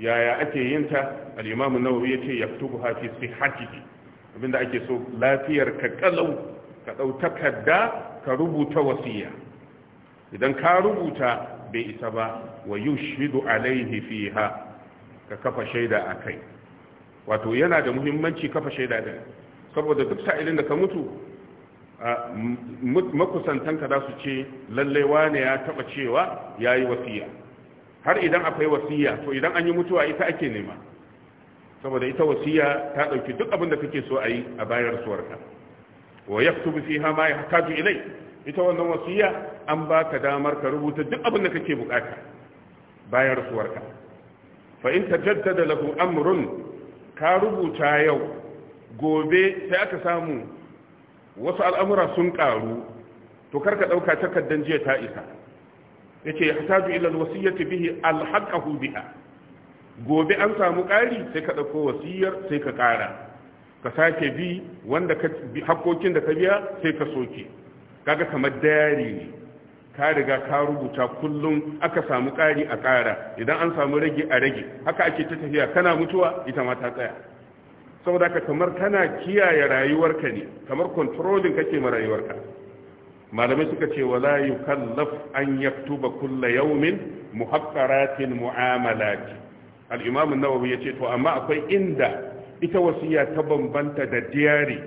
yaya ake yin ta al-imamu nawawi yace yaktubu hafi sihhatihi abinda ake so lafiyar ka kalau ka dau takarda ka rubuta wasiya idan ka rubuta bai isa ba wa shidu alaihi fiha ka kafa shaida a kai wato yana da muhimmanci kafa shaida din saboda duk sa'ilin da ka mutu makusantanka za su ce lallai wane ya taba cewa ya yi wasiya har idan akwai wasiya to idan an yi mutuwa ita ake nema saboda ita wasiya ta ɗauki duk abin da kake so a yi a bayar suwarka wa ya fi ma yahtaju ya ilai ita wannan wasiya an baka damar ka rubuta duk abin da kake bukata bayan rasuwarka fa in tajaddada lahu amrun ka rubuta yau gobe sai aka samu wasu al'amura sun karu to karka dauka takaddan jiya ta isa yace yahtaju ila alwasiyati bihi alhaqahu biha gobe an samu kari sai ka dauko wasiyar sai ka kara ka sake bi wanda hakokin da ka biya sai ka soke kaga kamar dayari ne ka riga ka rubuta kullum aka samu ƙari a ƙara idan an samu rage a rage haka ake ta tafiya kana mutuwa ita ma ta tsaya saboda ka kamar kana kiyaye rayuwarka ne kamar controlling kake ma rayuwarka malamai suka ce wala yukallaf an yaktuba kulla yawmin muhaqqaratin mu'amalat al-imam an-nawawi yace to amma akwai inda ita wasiya ta bambanta da diary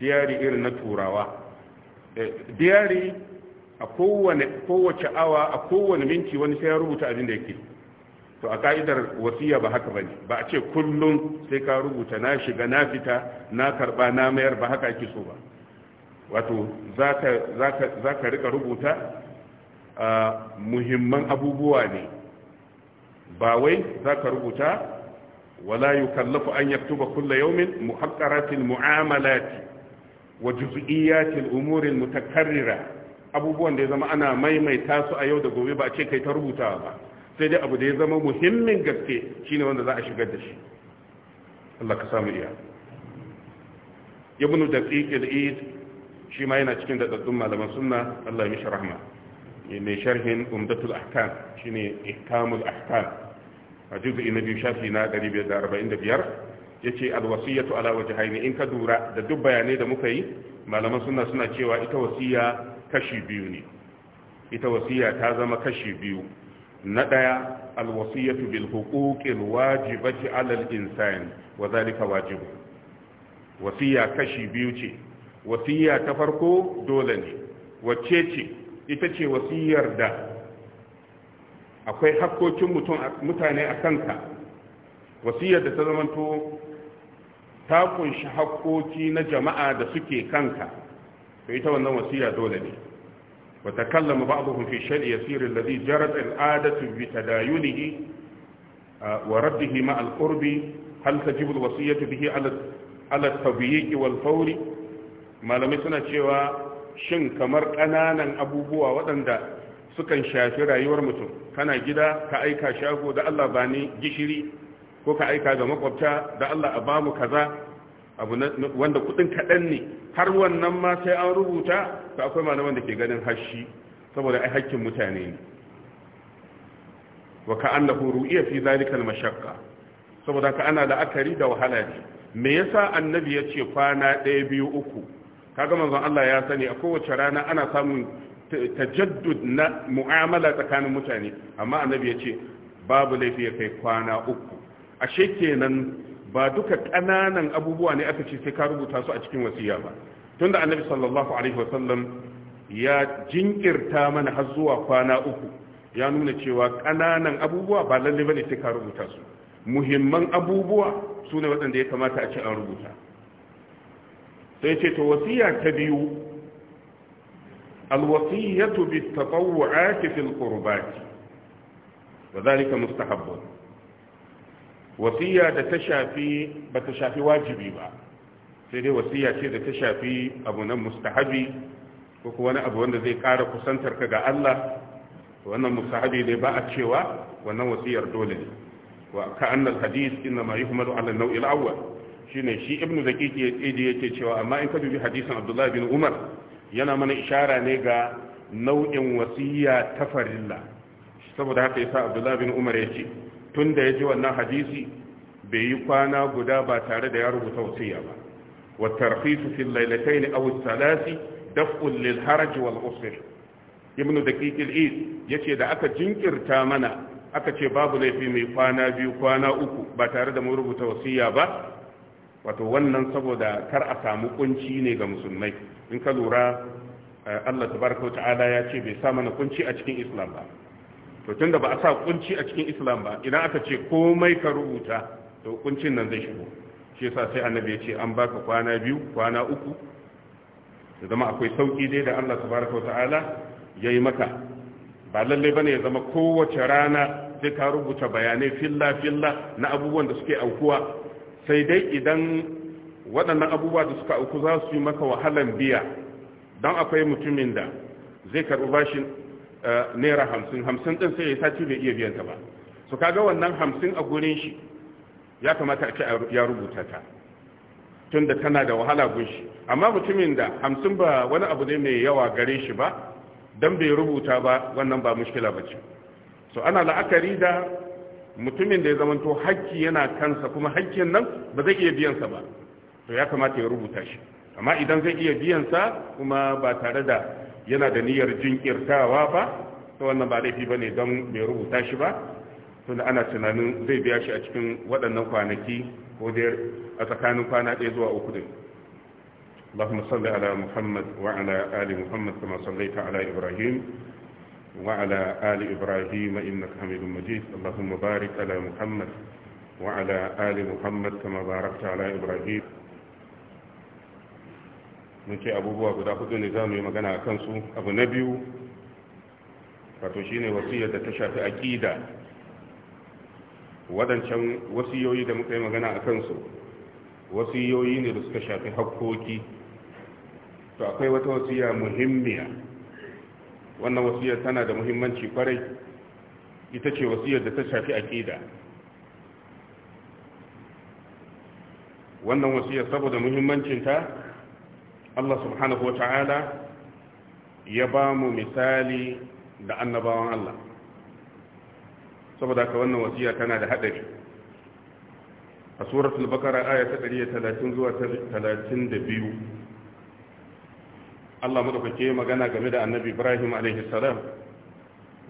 diary irin na turawa Diyari a kowace awa a kowane minti wani sai ya rubuta abin da yake to a ka'idar wasiya ba haka bane ba a ce kullum sai ka rubuta na shiga na fita na karba na mayar ba haka ake so ba wato za ka rika rubuta muhimman abubuwa ne ba wai za ka rubuta wala yukallafu an yaktuba kulla yawmin muhaqqaratil mu'amalati wa juz'iyatil ta mutakarrira abubuwan da ya zama ana maimaita su a yau da gobe ba a ce kai ta rubutawa ba sai dai abu da ya zama muhimmin gaske shine wanda za a shigar da shi Allah ka samu iya ibnu daqiq al-eid shi ma yana cikin dadaddun malaman sunna Allah ya mishi rahma mai sharhin umdatul ahkam shine ihkamul ahkam a juz'i na biyu shafi na 545 yace alwasiyatu ala wajhaini in ka dura da duk bayanai da muka yi malaman sunna suna cewa ita wasiya kashi biyu ne ita wasiya ta zama kashi biyu na daya alwasiyatu bil huquqil wajibati ala al insan wa zalika wajibu wasiya kashi biyu ce wasiya ta farko dole ne wacce ce ita ce wasiyar da akwai hakkokin mutane a kanka wasiyar da ta zamanto ta kunshi hakkoki na jama'a da suke kanka to ita wannan wasiya dole ne wa takallama ba'dhum fi shar'i yasir alladhi jarat al'adatu bi tadayunihi wa raddihi ma al-qurbi hal tajibu al-wasiyatu bihi ala ala at-tabyiq wal fauri malamai suna cewa shin kamar ƙananan abubuwa waɗanda sukan shafi rayuwar mutum kana gida ka aika shago da Allah ba ni gishiri ko ka aika ga makwabta da Allah a bamu kaza abu wanda kudin kaɗan ne har wannan ma sai an rubuta ta akwai malaman da ke ganin hashi saboda ai hakkin mutane ne wa ka annahu ru'iya fi zalikal mashaqqa saboda ka ana la'akari da wahala ne me yasa annabi ya ce kwana ɗaya biyu uku kaga manzon Allah ya sani a kowace rana ana samun tajaddud na mu'amala tsakanin mutane amma annabi ya ce babu laifi ya kai kwana uku ashe kenan ba duka ƙananan abubuwa ne aka ce sai ka rubuta su a cikin wasiya ba tunda annabi sallallahu alaihi wasallam ya jinkirta mana har zuwa kwana uku ya nuna cewa ƙananan abubuwa ba lalle bane sai ka rubuta su muhimman abubuwa su ne waɗanda ya kamata a ce an rubuta sai ce to wasiya ta biyu alwasiyatu bitatawwu'ati fil qurbati wa dhalika mustahabbun wasiya da ta shafi ba ta shafi wajibi ba sai dai wasiya ce da ta shafi abu nan mustahabi ko wani abu wanda zai ƙara kusantar ka ga Allah wannan mustahabi ne ba a cewa wannan wasiyar dole ne wa ka annal hadith inna ma yuhmalu ala an-naw'il awwal shine shi ibnu daqiqi yake cewa amma in ka dubi hadisin Abdullahi bin Umar yana mana ishara ne ga nau'in wasiya ta farilla saboda haka yasa Abdullahi bin Umar ya ce. tun da ya ji wannan hadisi bai yi kwana guda ba tare da ya rubuta wasiya ba wa tarhisu fil lailatayn aw thalathi daf'un lil haraj wal usr ibnu daqiq al id yace da aka jinkirta mana aka ce babu laifi mai kwana biyu kwana uku ba tare da mu rubuta wasiya ba wato wannan saboda kar a samu kunci ne ga musulmai in ka lura eh, Allah tabaraka wa ta'ala ya ce bai sa mana kunci a cikin Islam ba to tunda ba a sa kunci a cikin islam ba idan aka ce komai ka rubuta to kuncin nan zai shigo shi yasa sai annabi ya ce an baka kwana biyu kwana uku da zama akwai sauki dai da Allah tabaraka wata'ala ya yi maka ba lallai bane ya zama kowace rana sai ka rubuta bayanai filla filla na abubuwan da suke aukuwa sai dai idan waɗannan abubuwa da suka auku za su yi maka wahalan biya don akwai mutumin da zai karɓi bashin Eh, naira hamsin hamsin ɗin sai ya sati bai iya biyan ta ba su kaga wannan hamsin a gurin shi ya kamata a ce ya rubuta ta tun da tana da wahala gunshi amma mutumin da hamsin ba wani abu ne mai yawa gare shi ba don bai rubuta ba wannan ba mushkila ba ce so ana la'akari da mutumin da ya zama to hakki yana kansa kuma hakkin nan ba zai iya biyansa ba to ya kamata ya rubuta shi amma idan zai iya biyan sa kuma ba tare da yana da niyyar jinkirtawa ba ta wannan ba laifi ne don mai rubuta shi ba tunda ana tunanin zai biya shi a cikin waɗannan kwanaki ko dai a tsakanin kwana ɗaya zuwa uku din اللهم صل على محمد وعلى آل محمد كما صليت ala إبراهيم وعلى آل إبراهيم إنك حميد مجيد اللهم بارك على محمد وعلى Ali Muhammad كما باركت ala Ibrahim. mun ce abubuwa guda hudu ne za mu yi magana a kansu abu na biyu wato ne wasiyar da ta shafi aƙida waɗancan wasiyoyi da muka yi magana a kansu wasiyoyi ne da suka shafi hakkoki to akwai wata wasiya muhimmiya wannan wasiyar tana da muhimmanci kwarai ita ce wasiyar da ta shafi aƙida wannan wasiyar saboda muhimmancinta Allah subhanahu wa ta'ala ya ba mu misali da annabawan Allah saboda ka wannan wasiya tana da haɗari a suratul bakara aya ta talatin zuwa biyu. Allah madaukake magana game da annabi Ibrahim alaihi salam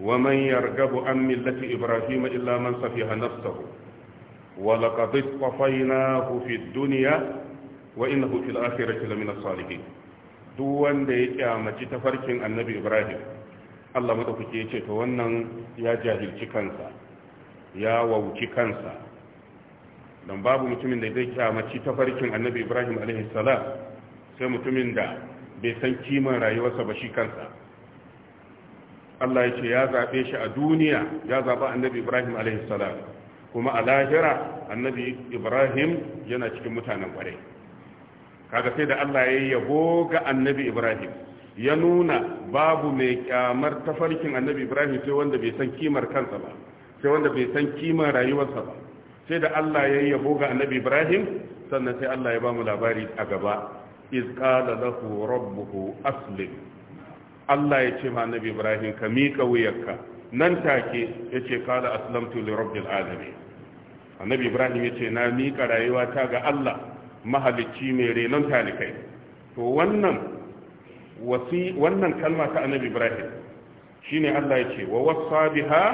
an يرغب عن ملة إبراهيم إلا من سفيها نفسه ولقد اصطفيناه fi الدنيا wa innahu fil akhirati lamina salihin duk wanda ya kyamaci tafarkin annabi ibrahim Allah madaukake yace to wannan ya jahilci kansa ya wauci kansa dan babu mutumin da zai kyamaci tafarkin annabi ibrahim alaihi salam sai mutumin da bai san kiman rayuwarsa ba shi kansa Allah ya ce ya zaɓe shi a duniya ya zaɓa annabi Ibrahim salam kuma a lahira annabi Ibrahim yana cikin mutanen ƙwarai kaga sai da Allah ya yabo ga annabi Ibrahim ya nuna babu mai kyamar tafarkin annabi Ibrahim sai wanda bai san kimar kansa ba sai wanda bai san kimar rayuwarsa ba sai da Allah ya yabo ga annabi Ibrahim sannan sai Allah ya ba mu labari a gaba iz qala lahu rabbuhu aslim Allah ya ce ma annabi Ibrahim ka mika wuyarka nan take yace qala aslamtu li rabbil alamin annabi Ibrahim yace na mika rayuwata ga Allah mahalicci mai renon talikai to wannan wasi wannan kalma ta annabi ibrahim shine Allah ya ce wa wasa biha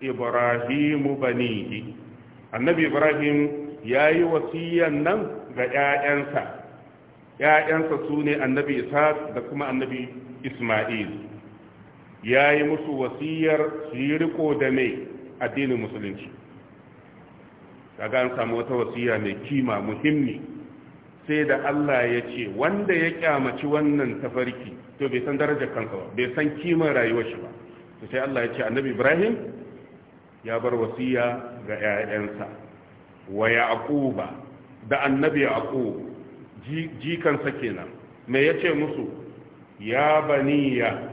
ibrahimu banihi annabi ibrahim yayi wasiyan nan ga ƴaƴansa ƴaƴansa ne annabi isa da kuma annabi isma'il yayi musu wasiyar su yi riko da mai addinin musulunci kaga an samu wata wasiya mai kima muhimmi sai da Allah ya ce wanda ya kyamaci wannan tafarki to bai san darajar kansa ba bai san kimar rayuwar shi ba to sai Allah ya ce annabi Ibrahim ya bar wasiya ga ƴaƴansa wa yaquba da annabi ji jikansa kenan me yace musu ya baniya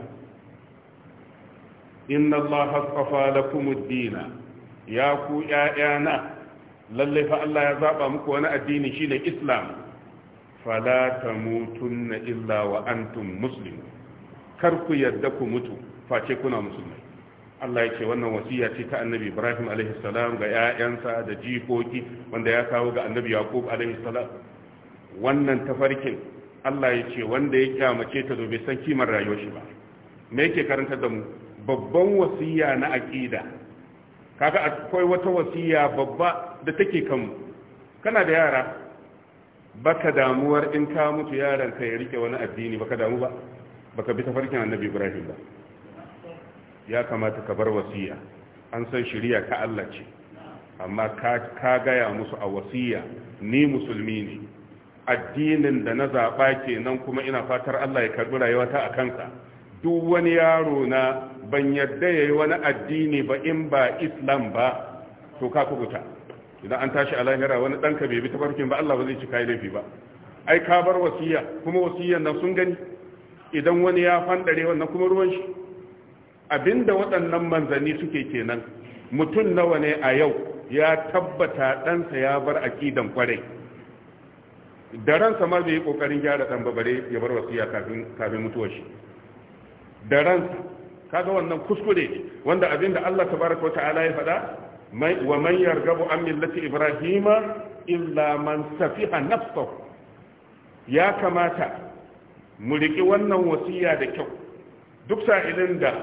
inna allaha astafa lakum ad-dina ya ku ƴaƴana lalle fa Allah ya zaba muku wani addini shine Islam fala tamutunna illa wa antum muslimun kar ku yadda ku mutu face kuna musulmai Allah ya ce wannan wasiya ce ta Annabi Ibrahim alaihi salam ga ƴaƴansa da jikoki wanda ya kawo ga Annabi Yaqub alaihi salam wannan tafarkin Allah ya ce wanda ya kyamace ta zo bai san kimar rayuwar shi ba me yake karanta da mu babban wasiya na aqida kaga akwai wata wasiya babba da take kanmu kana da yara baka damuwar in ka mutu yaran ka ya rike wani addini baka damu ba baka bi tafarkin annabi ibrahim ba ya kamata ka bar wasiya an san shari'a ka Allah ce amma ka gaya musu a wasiya ni musulmi ne addinin da na zaɓa kenan kuma ina fatar Allah ya karbi rayuwata a kanka. duk wani yaro na ban yarda ya yi wani addini ba in ba islam ba to ka kubuta idan an tashi a lahira wani ɗanka bai bi ta farkin ba allah ba zai ci kayi laifi ba ai ka bar wasiya kuma wasiyan nan sun gani idan wani ya fandare wannan kuma ruwan shi abinda waɗannan manzanni suke kenan mutum nawa ne a yau ya tabbata ɗansa ya bar akidan kwarai da ransa ma bai kokarin gyara dan babare ya bar wasiya kafin kafin mutuwar shi da ransa kaga wannan kuskure ne wanda abinda Allah tabaraka wata'ala ya faɗa wa man yargabu an millati ibrahima illa man safiha nafsahu ya kamata mu riki wannan wasiya da kyau duk sa'ilin da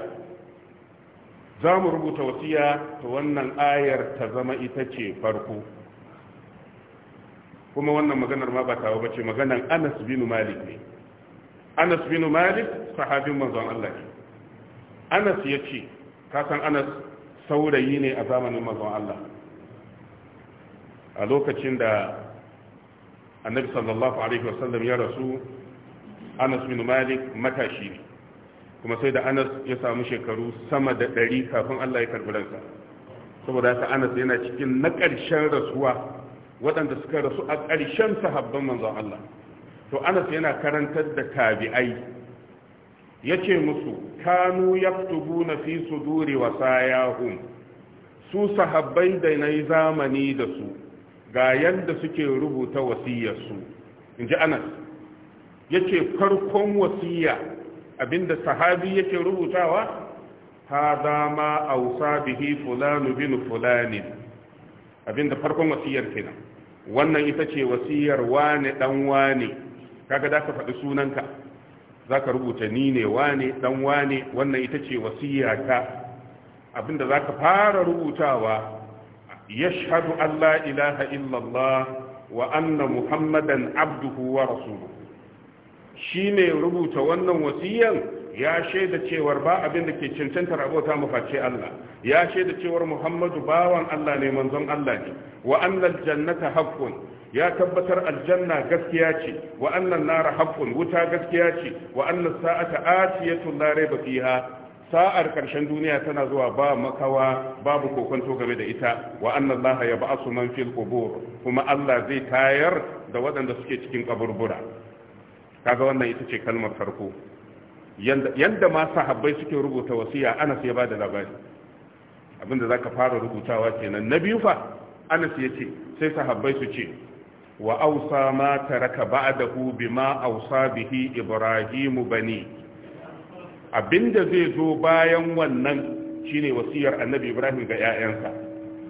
za mu rubuta wasiya ta wannan ayar ta zama ita ce farko kuma wannan maganar ma ba tawo ba ce maganar anas bin malik ne anas bin malik sahabin manzon Allah ne anas ya ce kasan anas saurayi ne a zamanin mazan Allah a lokacin da annabi sallallahu alaihi wasallam ya rasu anas bin malik matashi ne kuma sai da anas ya samu shekaru sama da ɗari kafin Allah ya karɓi ransa saboda haka anas yana cikin na ƙarshen rasuwa waɗanda suka rasu a ƙarshen sahabban manzon Allah to anas yana karantar da tabi'ai ya ce musu kanu yaktubu na fi suduri wasayahum su sahabbai da na yi zamani da su ga yadda suke rubuta wasiyarsu in ji anas ya ce farkon wasiya abinda sahabi yake rubutawa hada ma ausa bihi fulanu bin fulanin abinda farkon wasiyar kenan wannan ita ce wasiyar wane dan wane kaga da ka faɗi sunanka za ka rubuta ni ne wane dan wane wannan ita ce wasiyata abinda za ka fara rubutawa yashhadu an Allah, ilaha illallah wa anna muhammadan abduhu wa Shi ne rubuta wannan wasiyan ya shaida cewar ba abin da ke cancantar abota mafaci Allah ya shaida cewar Muhammadu bawan Allah ne manzon Allah ne wa annal jannata haqqun ya tabbatar aljanna gaskiya ce wa annan nara haqqun wuta gaskiya ce wa annas sa'ata atiyatun la rayba fiha sa'ar karshen duniya tana zuwa ba makawa babu kokonto game da ita wa annallaha yab'asu man fil qubur kuma Allah zai tayar da waɗanda suke cikin kaburbura kaga wannan ita ce kalmar farko yanda ma sahabbai suke rubuta wasiya Anas ya bada labari abinda zaka fara rubutawa kenan na biyu fa Anas ya ce sai sahabbai su ce wa ausa ma taraka ba'dahu bima ausa bihi ibrahim bani abinda zai zo bayan wannan shine wasiyar annabi ibrahim ga 'ya'yansa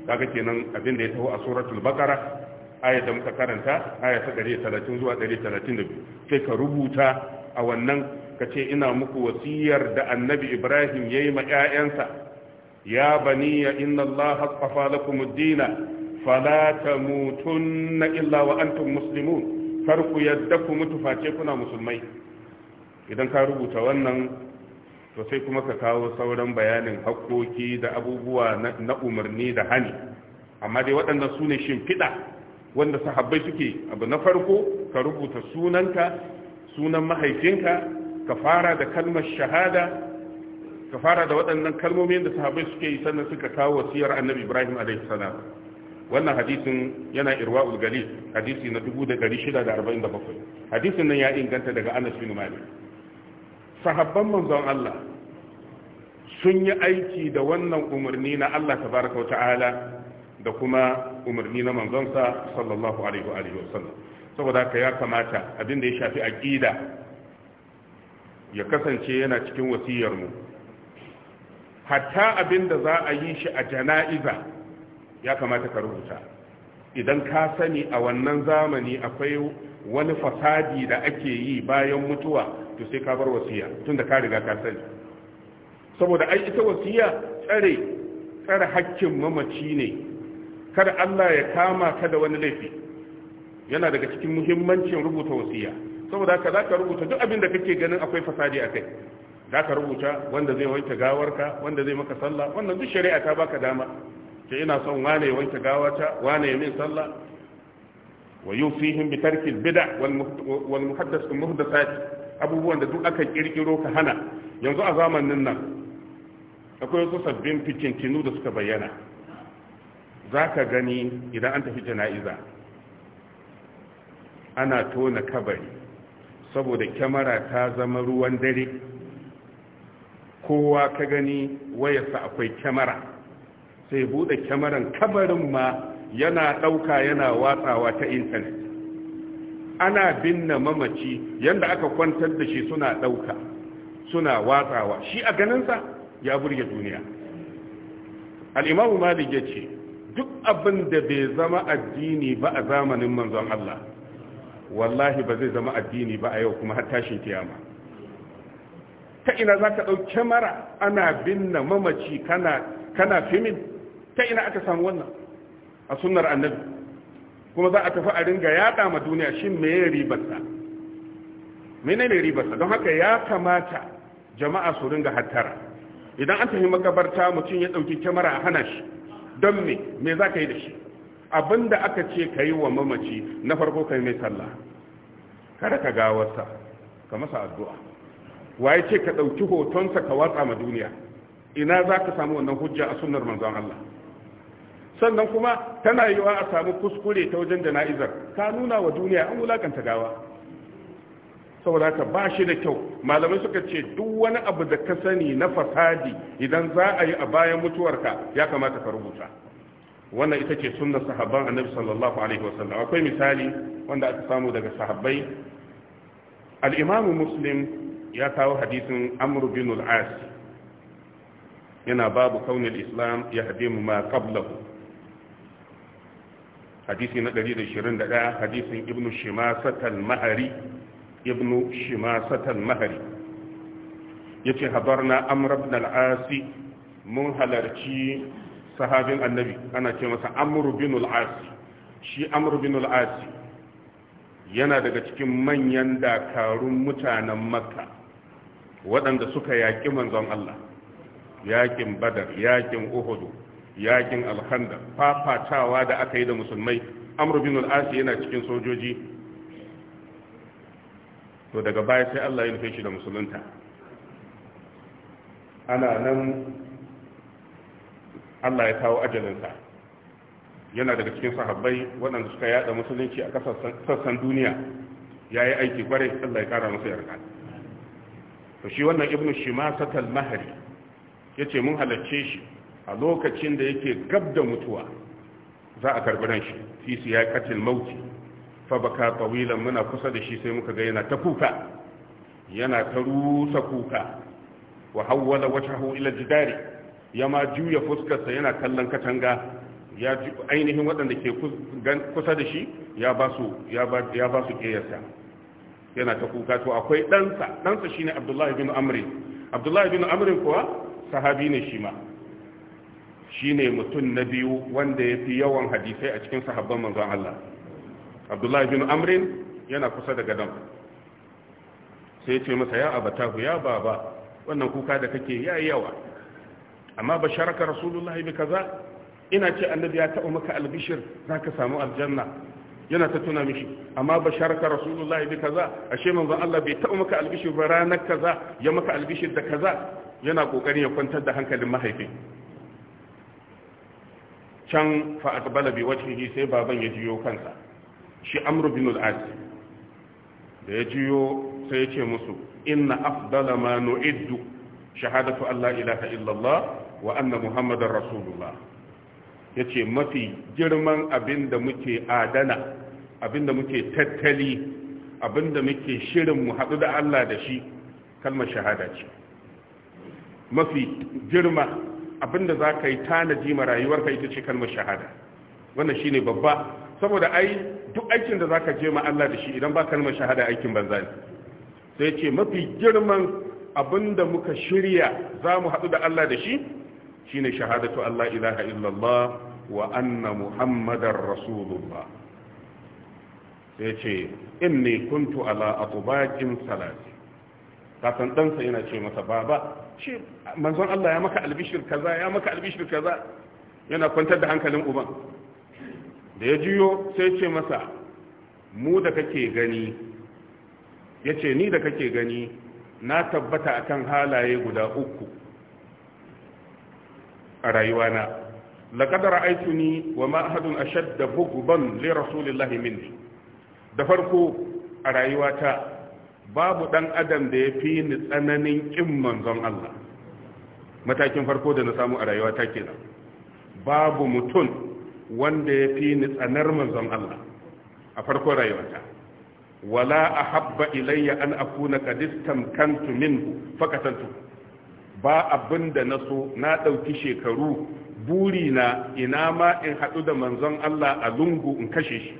kaga kenan abinda ya taho a suratul baqara ayat da muka karanta ayat ta 130 zuwa 132 sai ka rubuta a wannan ka ce ina muku wasiyar da annabi ibrahim ya yi ma 'ya'yansa ya bani ya inna allaha astafa lakum ad-dina fala tamutunna illa wa antum muslimun kar ku yadda ku mutu kuna musulmai idan ka rubuta wannan to sai kuma ka kawo sauran bayanin hakkoki da abubuwa na umarni da hani amma dai waɗannan su ne shimfiɗa wanda sahabbai suke na farko ka rubuta sunanka sunan mahaifinka ka fara da kalmar shahada ka fara da waɗannan kalmomin da sahabbai suke yi suka kawo wasiyar annabi ibrahim alaihi wannan hadisin yana irwa'ul galil hadisi na 1647 hadisin nan ya inganta daga Anas bin Malik sahabban manzon Allah sun yi aiki da wannan umarni na Allah tabaraka wa ta'ala da kuma umarni na manzonsa sallallahu alaihi wa sallam. saboda ka ya kamata abin da ya shafi aqida ya kasance yana cikin wasiyar mu hatta abin da za a yi shi a jana'iza ya kamata ka rubuta idan ka sani a wannan zamani akwai wani fasadi da ake yi bayan mutuwa to sai ka bar wasiya tunda ka riga ka sani saboda ai ita wasiya tsare tsare hakkin mamaci ne kada Allah ya kama ka da wani laifi yana daga cikin muhimmancin rubuta wasiya saboda haka za ka rubuta duk abin da kake ganin akwai fasadi a kai za ka rubuta wanda zai wanke gawarka wanda zai maka sallah wannan duk shari'a ta baka dama ce ina son wane ya wanke gawata wane ya min sallah wa yufihim bi tarki bid'a wal muhaddas al muhdathati abubuwan da duk aka kirkiro ka hana yanzu a zamanin nan akwai wasu sabbin fikintinu da suka bayyana zaka gani idan an tafi jana'iza ana tona kabari saboda kyamara ta zama ruwan dare kowa ka gani wayarsa akwai kyamara sai buɗe kyamaran kabarin ma yana ɗauka yana watsawa ta intanet ana binna mamaci yadda aka kwantar da shi suna ɗauka suna watsawa shi a ganinsa ya burge duniya al'imamu malik ya ce duk abin da bai zama addini ba a zamanin manzon Allah wallahi ba zai zama addini ba a yau kuma har tashin kiyama ta ina za ka ɗauki mara ana binna mamaci kana fimin ta ina aka samu wannan a sunnar annabi kuma za a tafi a ringa yada ma duniya shin me ya ribarsa menene ribarsa don haka ya kamata jama'a su ringa hattara idan an tafi makabarta mutum ya ɗauki kyamara a hana shi don me me za ka yi da shi abinda aka ce ka yi wa mamaci na farko kai mai sallah kada ka ga wasa ka masa addu'a waye ce ka ɗauki hotonsa ka watsa ma duniya ina za ka samu wannan hujja a sunnar manzon Allah sannan kuma tana yiwuwa a samu kuskure ta wajen jana'izar ka nuna wa duniya an wulakanta gawa saboda ka ba shi da kyau malamai suka ce duk wani abu da ka sani na fasadi idan za a yi a bayan mutuwarka ya kamata ka rubuta wannan ita ce sunnar sahabban annabi sallallahu alaihi wasallam akwai misali wanda aka samu daga sahabbai al-imam muslim ya kawo hadisin amr bin al-as yana babu kaunil islam ya hadimu ma qablahu hadisi na 121 hadisin Ibn Shimasatan mahari Ibn Shimasatan mahari yace habarna amr ibn al-asi mun halarci sahabin annabi ana ce masa amr bin al-asi shi amr bin al-asi yana daga cikin manyan dakarun mutanen makka waɗanda suka yaƙi manzon Allah yaƙin badar yaƙin uhudu yakin alhanda fafatawa da aka yi da musulmai amurbin bin yana cikin sojoji to daga baya sai Allah ya nufe shi da musulunta ana nan Allah ya kawo ajalinsa yana daga cikin sahabbai waɗanda suka yada musulunci a sassan duniya ya yi aiki kware Allah ya kara masa yarda to shi wannan ibnu shimasatal mahari ce mun halarce shi a lokacin da yake gab da mutuwa za a karbi ran shi fi katil mauti fa baka tawilan muna kusa da shi sai muka ga yana ta kuka yana ta rusa kuka wa hawwala wajhahu ila jidari yama juya fuskarsa yana kallon katanga ya ainihin waɗanda ke kusa da shi ya ba su ya ba su kiyarsa yana ta kuka to akwai ɗansa ɗansa shine Abdullahi bin Amri. Abdullahi bin Amri kuwa sahabi ne shi ma shine mutum na biyu wanda ya fi yawan hadisai a cikin sahabban manzon Allah abdullahi bin amrin yana kusa da gadon sai ce masa ya abatahu ya baba wannan kuka da kake ya yawa amma ba sharaka rasulullahi bi kaza ina ce annabi ya taɓa maka albishir za ka samu aljanna yana ta tuna mishi amma ba sharaka rasulullahi bi kaza ashe manzon Allah bai taɓa maka albishir ba ranar kaza ya maka albishir da kaza yana ƙoƙarin ya kwantar da hankalin mahaifin can fa aqbala bi wajhihi sai baban ya jiyo kansa shi amru bin al da ya jiyo sai ya ce musu inna afdala ma nu'iddu shahadatu an la ilaha illallah wa anna muhammadar rasulullah yace mafi girman abinda muke adana abinda muke tattali abinda muke shirin mu haɗu da Allah da shi kalmar shahada ce mafi girma abinda za ka yi tanaji ma rayuwarka ita ce kalmar shahada wannan shi ne babba saboda ai duk aikin da za ka je ma Allah da shi idan ba kalmar shahada aikin banza ne sai ce mafi girman abinda muka shirya za mu haɗu da Allah da shi shi ne shahadatu Allah ilaha illallah wa anna muhammadar rasulullah sai ce inni kuntu ala atubakin salati kasan ɗansa yana ce masa baba shi manzon Allah ya maka albishir kaza ya maka albishir kaza yana kwantar da hankalin uban da ya jiyo sai ce masa mu da kake gani ya ce ni da kake gani na tabbata akan halaye guda uku a rayuwana لقد رأيتني وما أحد أشد بغضا لرسول الله مني da farko a rayuwata babu dan adam da ya fi ni tsananin kin manzon Allah matakin farko da na samu a rayuwa ta kenan babu mutum wanda ya fi ni tsanar manzon Allah a farkon rayuwata wala ahabba ilayya an akuna qad kantu minhu fakatantu ba abin da na so na ɗauki shekaru buri na ina ma in haɗu da manzon Allah a lungu in kashe shi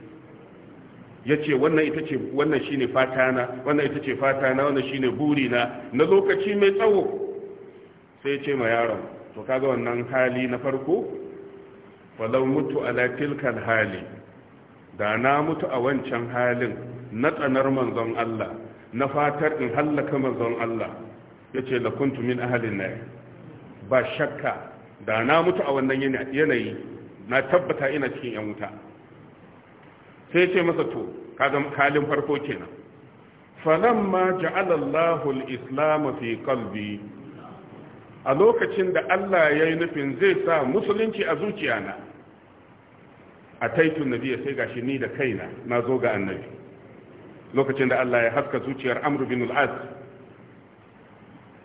ya ce wannan ita ce wannan shine na wannan ita ce fata na wannan shine burina na lokaci mai tsawo sai ce ma yaron to kaga wannan hali na farko falau mutu ala tilkal hali da na mutu a wancan halin na tsanar manzon Allah na fatar in hallaka manzon Allah ya ce la kuntu min ahlin nar ba shakka da na mutu a wannan yanayi na tabbata ina cikin yan wuta sai ce masa to kaga kalin farko kenan falamma ja'ala Allahu islam fi qalbi a lokacin da Allah yayi nufin zai sa musulunci a zuciyana ataitu nabiyya sai gashi ni da kaina na zo ga annabi lokacin da Allah ya haska zuciyar Amr bin al-As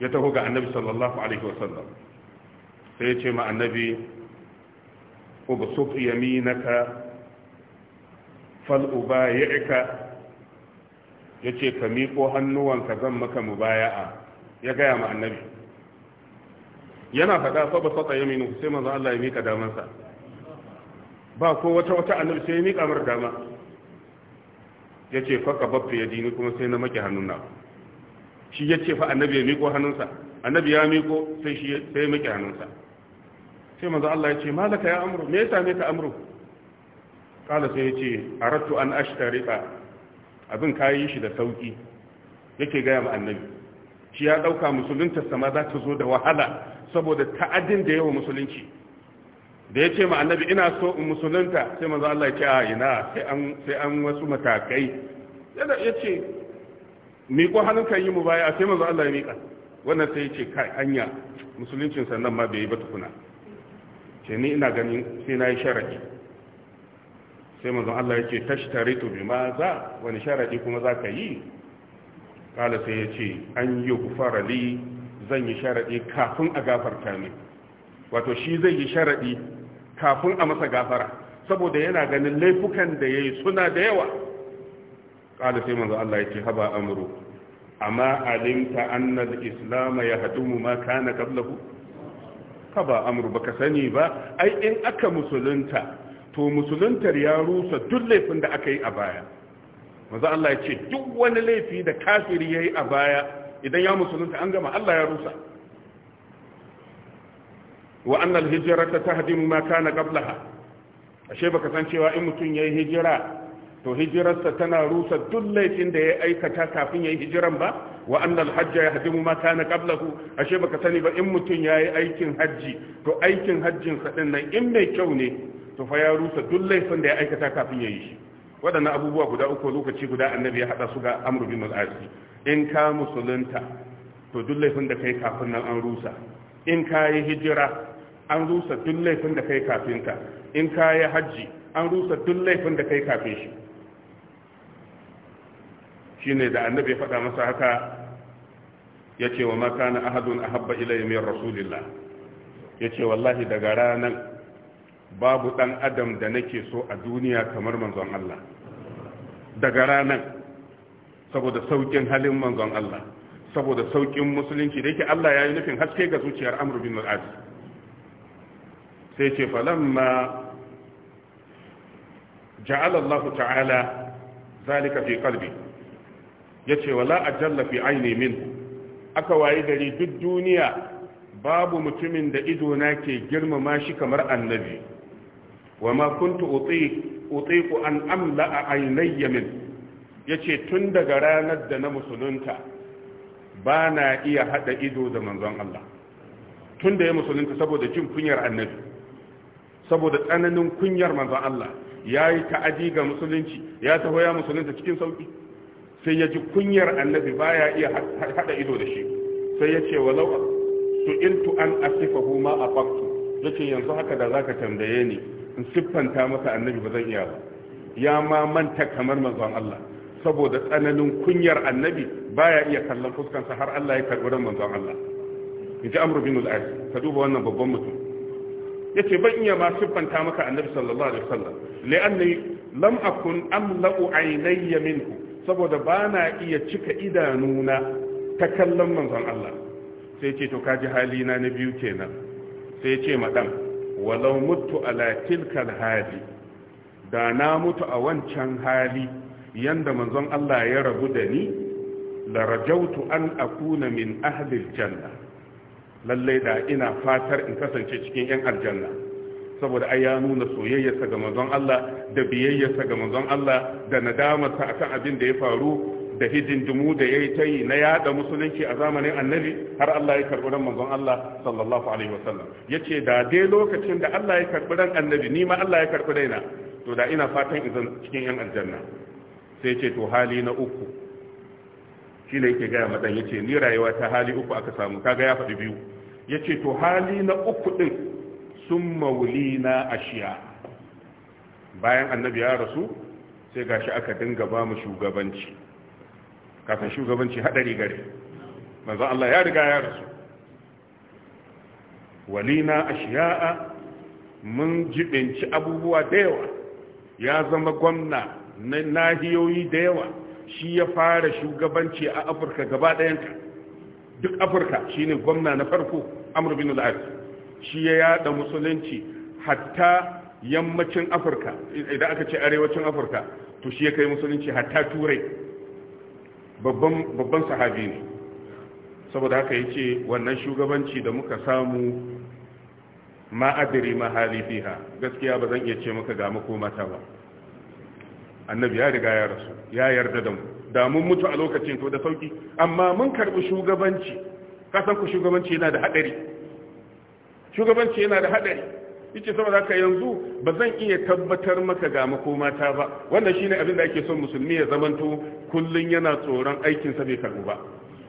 ya taho ga annabi sallallahu alaihi wasallam sai ya ce ma annabi ubsut yaminaka fal'uba ya ika ya ce ka miƙo hannuwanka zan maka mubaya'a ya gaya ma annabi yana faɗa fa ba ya minu sai manzo Allah ya miƙa damansa ba ko wata wata annabi sai ya miƙa mara dama ya ce fa ka ya dini kuma sai na maki hannun na shi ya ce fa annabi ya miƙo hannunsa annabi ya miƙo sai shi sai ya maki hannunsa sai manzo Allah ya ce malaka ya amuru me yasa same ka amuru. kala sai ya ce a ratu an ashtarita abin kayi shi da sauki yake gaya ma annabi shi ya dauka musulunta sama za ta zo da wahala saboda ta'adin da yawa musulunci da ya ce ma annabi ina so in musulunta sai maza Allah ya ce a ina sai an sai an wasu matakai yana ya ce miƙo kan yi mu baya sai maza Allah ya miƙa wannan sai ya ce kai hanya musuluncin sannan ma bai yi ba tukuna ce ni ina ganin sai na yi sharadi sai manzon Allah ya ce tashtaritu ma za wani sharaɗi kuma za ka yi kala sai ya ce an yi gufara li zan yi sharadi kafin a gafarta ne wato shi zai yi sharaɗi kafin a masa gafara saboda yana ganin laifukan da ya yi suna da yawa kala sai manzon Allah ya ce haba amru amma alimta annal islam ya hadumu ma kana qablahu haba amru baka sani ba ai in aka musulunta to musuluntar ya rusa duk laifin da aka yi a baya maza Allah ya ce duk wani laifi da kafiri ya yi a baya idan ya musulunta an gama Allah ya rusa wa annal hijirata ta hadin ma na gablaha. ashe baka san cewa in mutum ya yi hijira to hijirarsa tana rusa duk laifin da ya aikata kafin ya yi hijiran ba wa annal hajja ya hadin ma na qablahu ashe baka sani ba in mutum ya yi aikin hajji. to aikin hajjinsa ɗin nan in mai kyau ne to fa ya rusa duk laifin da ya aikata kafin ya yi shi waɗannan abubuwa guda uku lokaci guda annabi ya haɗa su ga amru bin al-asi in ka musulunta to duk laifin da kai kafin nan an rusa in ka yi hijira an rusa duk laifin da kai kafin ka in ka yi hajji an rusa duk laifin da kai kafin shi shine da annabi ya faɗa masa haka ya ce wa makana ahadun ahabba ilayya min rasulillah ya ce wallahi daga ranar babu ɗan adam da nake so a duniya kamar manzon Allah daga ranar saboda saukin halin manzon Allah saboda saukin musulunci da yake Allah ya yi nufin haske ga zuciyar amur bin sai ce falamma ja'ala Allah ta'ala zalika fi qalbi yace wala ajalla fi aini min aka waye gari duk duniya babu mutumin da ido na ke girmama shi kamar annabi wa ma kuntu utiku an amla a ainayya min ya ce tun daga ranar da na musulunta ba na iya hada ido da manzon Allah tun da ya musulunta saboda jin kunyar annabi saboda tsananin kunyar manzon Allah ya yi ta'adi ga musulunci ya taho ya musulunta cikin sauki sai ya ji kunyar annabi ba ya iya hada ido da shi sai ya ce walau su'iltu an asifahu ma afaqtu yace yanzu haka da za ka tambaye ni in siffanta masa annabi ba zan iya ba ya ma manta kamar manzon Allah saboda tsananin kunyar annabi baya iya kallon fuskansa har Allah ya karɓi ran manzon Allah in ji amru bin al-as ka duba wannan babban mutum yace ban iya ma siffanta maka annabi sallallahu alaihi wasallam li'anni lam akun amla'u aynayya minhu saboda bana iya cika idanuna ta kallon manzon Allah sai ce to kaji halina na biyu kenan sai ce madam walau mutu ala tilkal hali da na mutu a wancan hali yanda manzon Allah ya rabu da ni la rajautu an akuna min ahli aljanna lalle da ina fatar in kasance cikin yan aljanna saboda ai ya nuna soyayyarsa ga manzon Allah da biyayyarsa ga manzon Allah da ta akan abin da ya faru da hidindimu da ya yi ta yi na yada musulunci a zamanin annabi har Allah ya karɓi ran manzon Allah sallallahu alaihi wasallam ya ce da dai lokacin da Allah ya karɓi ran annabi ni ma Allah ya karɓi raina to da ina fatan izan cikin yan aljanna sai ce to hali na uku shi ne yake gaya madan ya ce ni rayuwa ta hali uku aka samu kaga ya faɗi biyu ya ce to hali na uku ɗin sun mauli na ashiya bayan annabi ya rasu sai gashi aka dinga ba mu shugabanci kafin shugabanci hadari gare manzo Allah ya riga ya rasu walina ashiya'a mun jibinci abubuwa da yawa ya zama gwamna na nahiyoyi da yawa shi ya fara shugabanci a afirka gaba ɗayanta duk afirka shi ne gwamna na farko amur bin shi ya yada musulunci hatta yammacin afirka idan aka ce arewacin afirka to shi ya kai musulunci hatta turai babban sahabi ne saboda haka yace wannan shugabanci da muka samu ma adri ma halifiha gaskiya ba zan iya ce maka ga makomata ba annabi ya riga ya rasu ya yarda da mu da mun mutu a lokacin to da sauki amma mun karbi shugabanci kasan ku shugabanci yana da hadari shugabanci yana da hadari yace saboda haka yanzu ba zan iya tabbatar maka ga makomata ba wannan shine abin da ake son musulmi ya zamanto kullun yana tsoron aikin sa bai karbu ba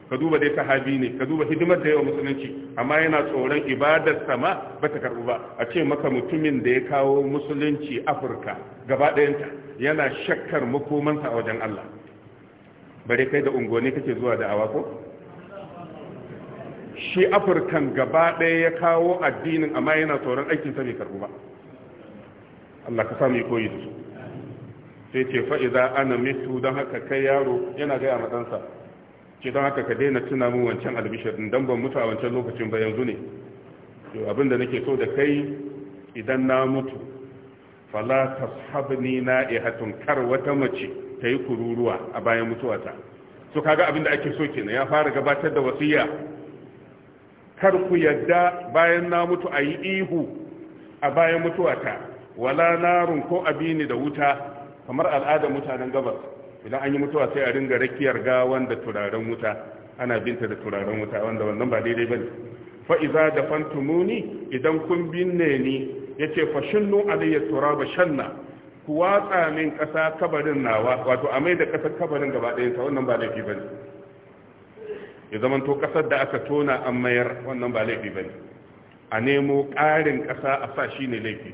ka duba dai sahabi ne ka duba hidimar da yawa musulunci amma yana tsoron ibadar sama ba ta karbu ba a ce maka mutumin da ya kawo musulunci afirka gaba ɗayanta yana shakkar makomansa a wajen allah bare kai da unguwanni kake zuwa da awa ko shi afirkan gaba ɗaya ya kawo addinin amma yana tsoron aikinsa mai karbu ba Allah ka sami koyi da su sai ce fa'iza ana mitu don haka kai yaro yana gaya matsansa ce don haka ka daina tuna mu wancan albishirin don ban mutu a wancan lokacin ba yanzu ne abinda nake so da kai idan na mutu fala na na'ihatun kar wata mace ta yi kururuwa a bayan mutuwata so kaga abinda ake so kenan ya fara gabatar da wasiya kar ku yadda bayan na mutu a yi ihu a bayan mutuwata wala narun ko abini da wuta kamar al'adar mutanen gabas idan an yi mutuwa sai a ringa rakiyar gawan da turaren wuta ana binta da turaren wuta wanda wannan ba daidai bane fa iza da fantumuni idan kun binne ni yace fa shinnu alayya turaba shanna ku watsa min kasa kabarin nawa wato a mai da kasar kabarin gaba ɗayan ta wannan ba laifi bane ya zama to kasar da aka tona an mayar wannan ba laifi bane a nemo ƙarin ƙasa a sa shi ne laifi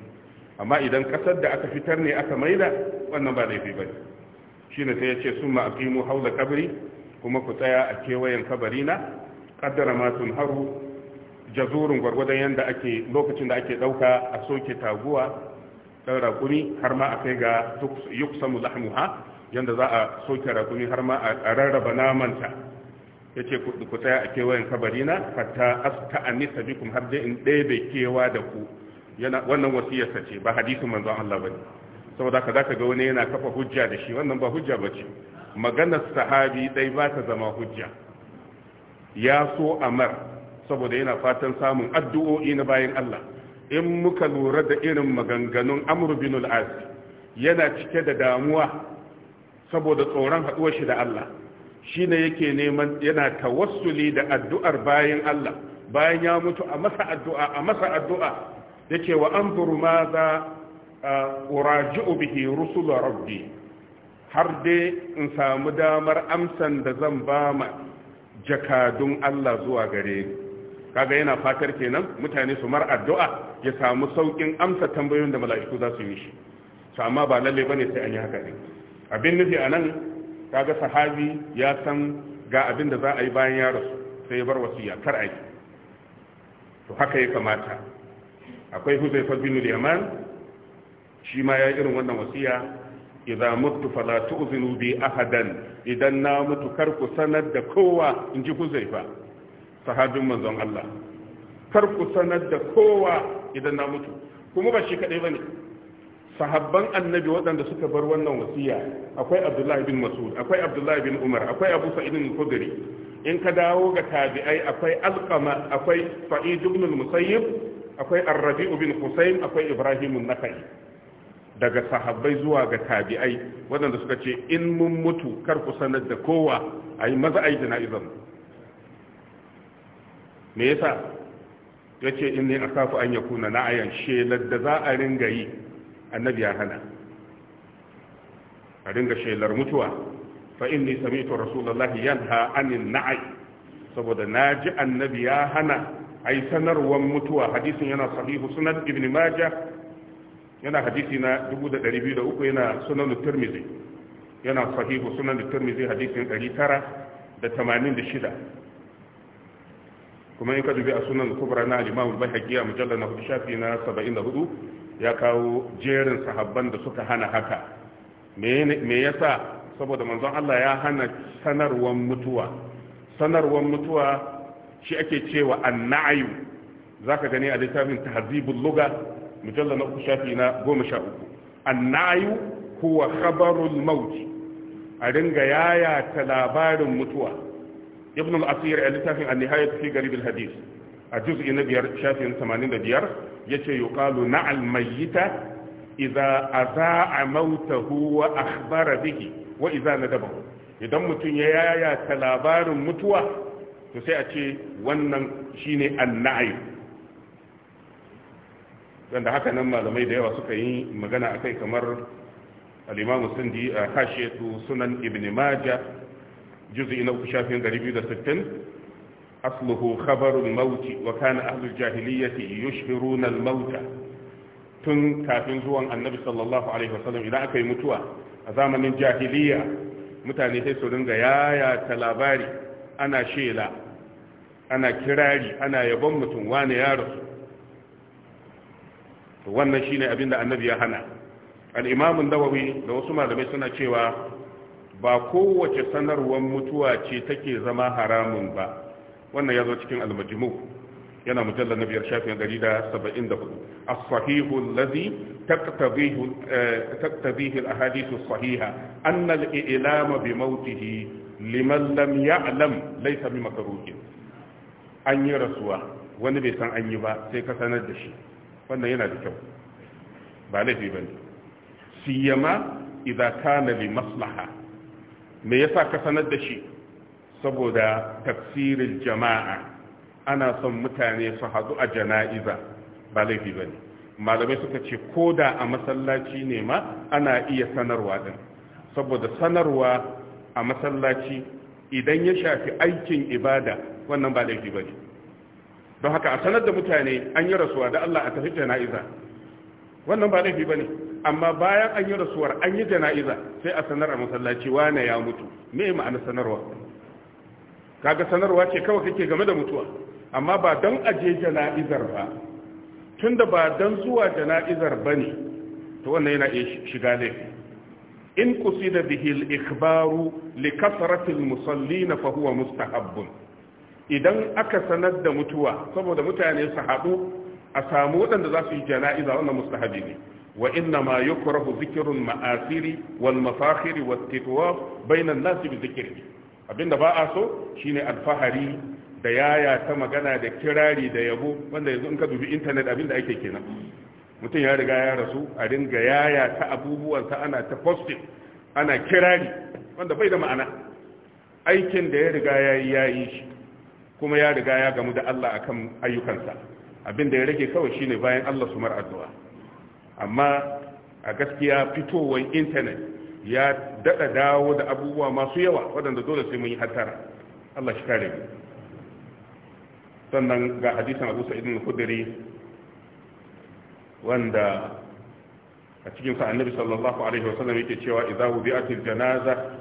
amma idan kasar da aka fitar ne aka maida wannan ba laifi bane shi ne sai ya ce sun ma'aƙimu haula kabari kuma ku tsaya a kewayen kabari na ƙaddara masun haru jazurin gwargwadon yadda ake lokacin da ake ɗauka a soke taguwa ɗan rakuni har ma a kai ga yuk samu lahmuha yadda za a soke raƙuni har ma a rarraba namanta ya ce ku tsaya a kewayen kabari na fata asta anisa bikum har dai in ɗebe kewa da ku wannan wasiyarsa ce ba hadisin manzon Allah bane saboda ka zaka ga wani yana kafa hujja da shi wannan ba hujja bace maganar sahabi dai ba ta zama hujja ya so amar saboda yana fatan samun addu'o'i na bayan Allah in muka lura da irin maganganun Amr bin as yana cike da damuwa saboda tsoron haduwar shi da Allah shine yake neman yana tawassuli da addu'ar bayan Allah bayan ya mutu a masa addu'a a masa addu'a yake wa anzuru ma za uraji'u bihi rusul rabbi har dai in samu damar amsan da zan ba ma jakadun Allah zuwa gare ni kaga yana fatar kenan mutane su mar addu'a ya samu saukin amsa tambayoyin da mala'iku za su yi shi amma ba lalle bane sai an yi haka ne abin nufi anan kaga sahabi ya san ga abin da za a yi bayan ya rasu sai ya bar wasiya kar a yi to haka ya kamata akwai huzaifa bin yaman shi ma ya irin wannan wasiya idza mutu fala tu'zinu bi ahadan idan na mutu kar ku sanar da kowa in ji huzaifa sahabin manzon Allah kar ku sanar da kowa idan na mutu kuma ba shi kadai bane sahabban annabi waɗanda suka bar wannan wasiya akwai abdullahi bin masud akwai abdullahi bin umar akwai abu sa'id bin in ka dawo ga tabi'ai akwai alqama akwai sa'id ibn musayyib akwai ar-rabi' bin husayn akwai ibrahim an-nakhai daga sahabbai zuwa ga tabi'ai waɗanda suka ce in mun mutu kar ku sanar da kowa ai maza ayi jana'izan me yasa yace inni akafu an yakuna na'ayan shelar da za a ringa yi annabi ya hana a dinga shelar mutuwa fa inni sami'tu rasulullahi yanha anin na'i saboda naji annabi ya hana ai sanarwar mutuwa hadisin yana sahihu sunan ibn majah yana hadisi na 2203 yana sunan tirmidhi yana sahihu sunan tirmidhi hadisin 986 kuma in ka dubi a sunan kubra na al-imam al-bayhaqi a mujallal na hudu shafi na 74 ya kawo jerin sahabban da suka hana haka me yasa saboda manzon Allah ya hana sanarwar mutuwa sanarwar mutuwa shi ake cewa annayu zaka gani a littafin tahzibul lugha mujallal na uku shafi na goma sha uku annayu huwa khabarul maut a ringa yaya ta labarin mutuwa ibn al-asir a littafin an-nihayat fi garib al-hadith a juz'i na biyar shafin 85 yace yuqalu na'al mayyita idza azaa mautahu wa akhbara bihi wa idza nadabahu idan mutum ya yaya ta labarin mutuwa to sai a ce wannan shine annai dan da haka nan malamai da yawa suka yi magana akai kamar al-Imam a Hashiyatu Sunan Ibn Majah juz'i na shafin 260 asluhu khabarul mauti wa kana ahlul jahiliyyati yushhiruna al-mauta tun kafin zuwa annabi sallallahu alaihi wasallam idan aka yi mutuwa a zamanin jahiliya mutane sai su ringa yaya ta labari ana shela ana kirari ana yabon mutum wani ya rasu wannan shine abin da annabi ya hana al-imam da wasu malamai suna cewa ba kowace sanarwar mutuwa ce take zama haramun ba wannan ya zo cikin al yana mujallar na biyar shafin gari da saba'in da hudu as-sahihu allazi taktabihi eh, al sahiha anna ilama bi mautihi liman lam ya'lam laysa bi makruhin an yi rasuwa wani bai san an yi ba sai ka sanar da shi wannan yana da kyau ba laifi bane siyama idza kana li maslaha me yasa ka sanar da shi saboda tafsirin jama'a ana son mutane su haɗu a jana'iza ba laifi ba ne malamai suka ce ko da a masallaci ne ma ana iya sanarwa ɗin saboda sanarwa a masallaci idan ya shafi aikin ibada wannan ba laifi ba ne don haka a sanar da mutane an yi rasuwa da Allah a tafi jana'iza wannan ba laifi ba ne amma bayan an yi rasuwar an yi jana'iza sai a sanar a masallaci wane ya mutu me ma'ana sanarwa kaga sanarwa ce kawai kake game da mutuwa amma ba don aje jana'izar ba tunda ba don zuwa jana'izar ba ne ta wannan yana iya shiga laifi in kusida bihi al-ikhbaru li kasrati al-musallin fa mustahabbun idan aka sanar da mutuwa saboda mutane su haɗu a samu waɗanda za su yi jana'iza wannan mustahabi ne wa inna ma yukrahu dhikrun ma'asiri wal mafakhiri wat titwa bainan nasi bi dhikrihi abinda ba a so shine alfahari da yaya ta magana da kirari da yabo wanda yanzu in ka dubi intanet abinda ake kenan mutum ya riga ya rasu a dinga yaya ta abubuwansa ana ta posting ana kirari wanda bai da ma'ana aikin da ya riga ya yi ya shi kuma ya riga ya gamu da Allah akan ayyukansa abinda ya rage kawai shine bayan Allah su mar addu'a amma a gaskiya fitowar intanet ya dada dawo da abubuwa masu yawa waɗanda dole sai mun yi hattara Allah shi kare mu sannan ga hadisan Abu Sa'id al-Khudri wanda a cikin sa Annabi sallallahu alaihi wasallam yake cewa idza wudi'atil janaza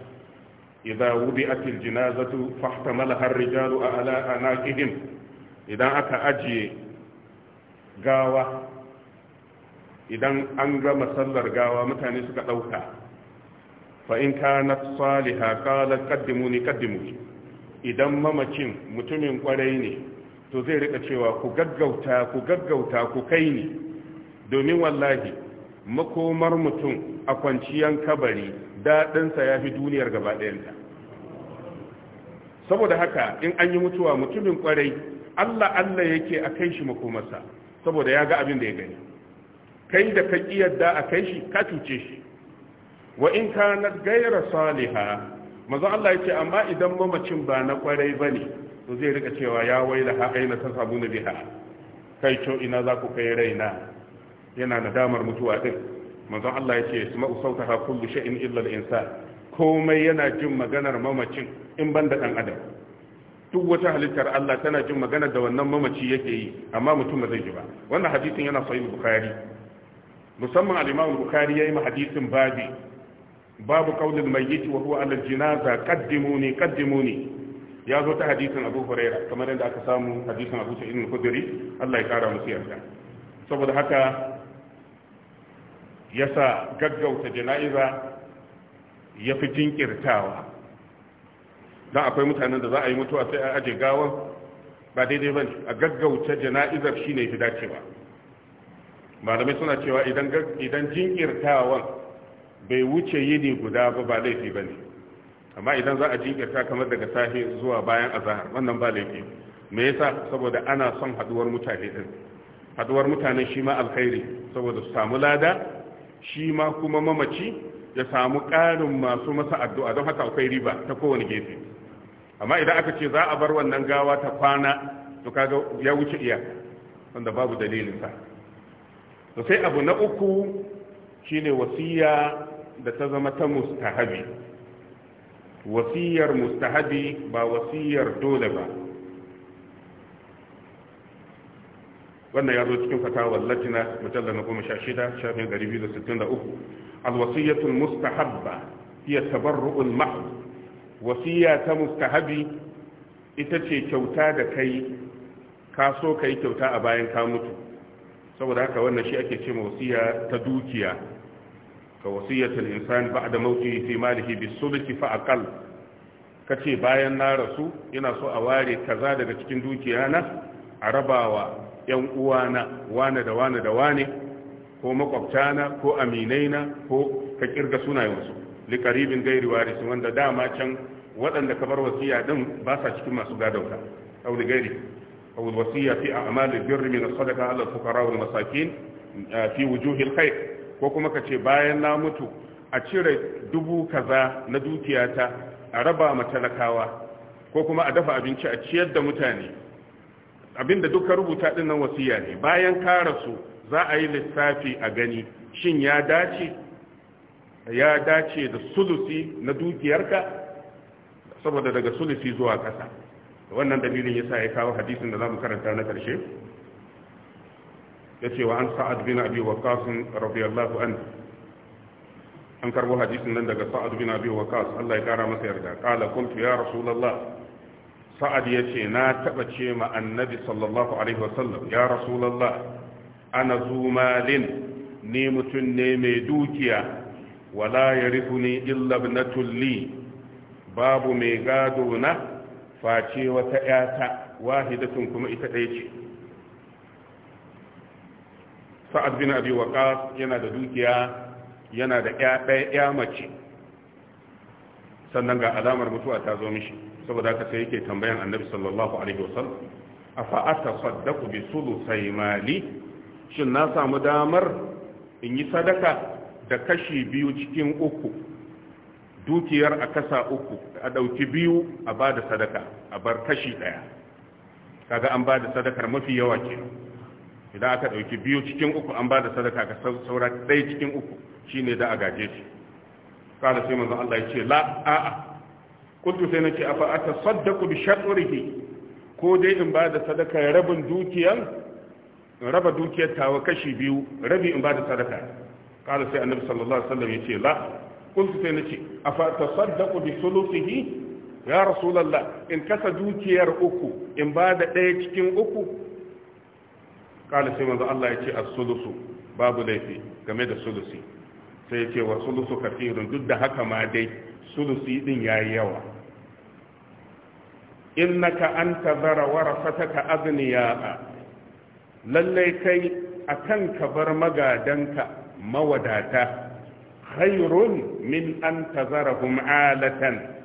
idza wudi'atil janazatu fahtamalaha ar-rijalu ala anaqihim idan aka ajiye gawa idan an gama sallar gawa mutane suka dauka fa in kanat saliha kaddimu ni kaddimu idan mamacin mutumin kwarai ne to zai rika cewa ku gaggauta ku gaggauta ku kai ni domin wallahi makomar mutum a kwanciyan kabari daɗinsa ya fi duniyar gaba ta. saboda haka in an yi mutuwa mutumin kwarai allah allah yake a kai shi makomarsa saboda ya ga abin da ya gani kai da ka iya da a kai shi ka cuce shi wa in kanat gaira saliha maza Allah yake amma idan mamacin ba na kwarai bane to zai rika cewa ya waila ha aina na biha kai to ina za ku kai raina yana da nadamar mutuwa din Maza Allah yake yasma'u sautaha kullu shay'in illa al-insan komai yana jin maganar mamacin in banda dan adam duk wata halittar Allah tana jin magana da wannan mamaci yake yi amma mutum ba zai ji ba wannan hadisin yana sahih bukhari musamman al-imam bukhari yayi mahadisin babi babu qaulil mayyit wa huwa ala jinaza qaddimuni qaddimuni ya zo ta hadisin Abu Huraira kamar yadda aka samu hadisin Abu Sa'id al-Khudri Allah ya kara musu yarda saboda haka yasa gaggauta jana'iza ya fi jinkirtawa don akwai mutanen da za a yi mutuwa sai a aje gawan ba daidai ba ne a gaggauta jana'izar shi ne fi malamai suna cewa idan jinkirtawan bai wuce yini guda ba ba laifi ba ne amma idan za a jinkirta kamar daga sahi zuwa bayan azahar wannan ba laifi me yasa saboda ana son haduwar mutane din haduwar mutane shi ma alkhairi saboda su samu lada shi ma kuma mamaci ya samu ƙarin masu masa addu'a don haka akwai riba ta kowane gefe amma idan aka ce za a bar wannan gawa ta kwana to kaga ya wuce iya wanda babu dalilin sa to sai abu na uku shine wasiya da ta zama ta mustahabi wasiyar mustahabi ba wasiyar dole ba wannan ya zo cikin fatawar latina mujallar na goma sha shida shafin gari biyu da sittin da uku alwasiyyatul mustahabba iya tabarru'ul mahu wasiya ta mustahabi ita ce kyauta da kai ka so ka yi kyauta a bayan ka mutu saboda haka wannan shi ake ce wasiya ta dukiya ka wasiyatul insan ba'da mauti fi malihi bisuluki fa aqal kace bayan na rasu ina so a ware kaza daga cikin dukiya na a rabawa yan uwana wane da wane da ko makwabtana ko aminaina ko ka kirga sunayensu likaribin gairi warisi wanda dama can waɗanda ka bar wasiya din ba sa cikin masu gadauta aw li gairi aw wasiya fi a'mal al-birr min as-sadaqa ala al-fuqara wal masakin fi wujuh al ko kuma ka ce bayan na mutu a cire dubu kaza na dukiyata a raba ma talakawa ko kuma a dafa abinci a ciyar da mutane abinda duka rubuta din nan wasiya ne bayan ka rasu za a yi lissafi a gani shin ya dace ya dace da sulusi na dukiyarka saboda daga sulusi zuwa kasa wannan dalilin yasa ya kawo hadisin da zamu karanta na karshe Ya ce wa an sa'ad bin abi waqas radiyallahu anhu an karbo hadisin nan daga sa'ad bin abi waqas Allah ya kara masa yarda qala kuntu ya rasulullah sa'ad ya ce na taba ce ma annabi sallallahu alaihi wasallam ya rasulullah ana zumalin ni mutun ne mai dukiya wala yarifuni illa ibnatul li babu mai gado na face wata yata wahidatun kuma ita ɗaya ce sa'ad bin abi waqas yana da dukiya yana da ya mace sannan ga alamar mutuwa ta zo mishi saboda haka sai yake tambayan annabi sallallahu alaihi wasallam afa atasaddaqu bi sulusai mali shin na samu damar in yi sadaka da kashi biyu cikin uku dukiyar a kasa uku a dauki biyu a bada sadaka a bar kashi daya kaga an bada sadakar mafi yawa kenan idan aka ɗauki biyu cikin uku an ba da sadaka ga saura ɗaya cikin uku shine da a gaje shi kada sai manzon Allah ya ce la a'a kuntu sai nace afa atasaddaqu bi shatrihi ko dai in ba da sadaka rabin dukiyan raba dukiyar tawa kashi biyu rabi in ba da sadaka kada sai annabi sallallahu alaihi wasallam ya ce la kuntu sai nace afa atasaddaqu bi sulusihi ya rasulullah in kasa dukiyar uku in ba da ɗaya cikin uku kala sai manzo Allah ya ce as-sulusu babu laifi game da sulusi sai ya ce wa sulusu kafirun duk da haka ma dai sulusi din yayi yawa innaka anta zara warasataka agniya lallai kai akan ka bar magadanka mawadata khairun min an tazarahum alatan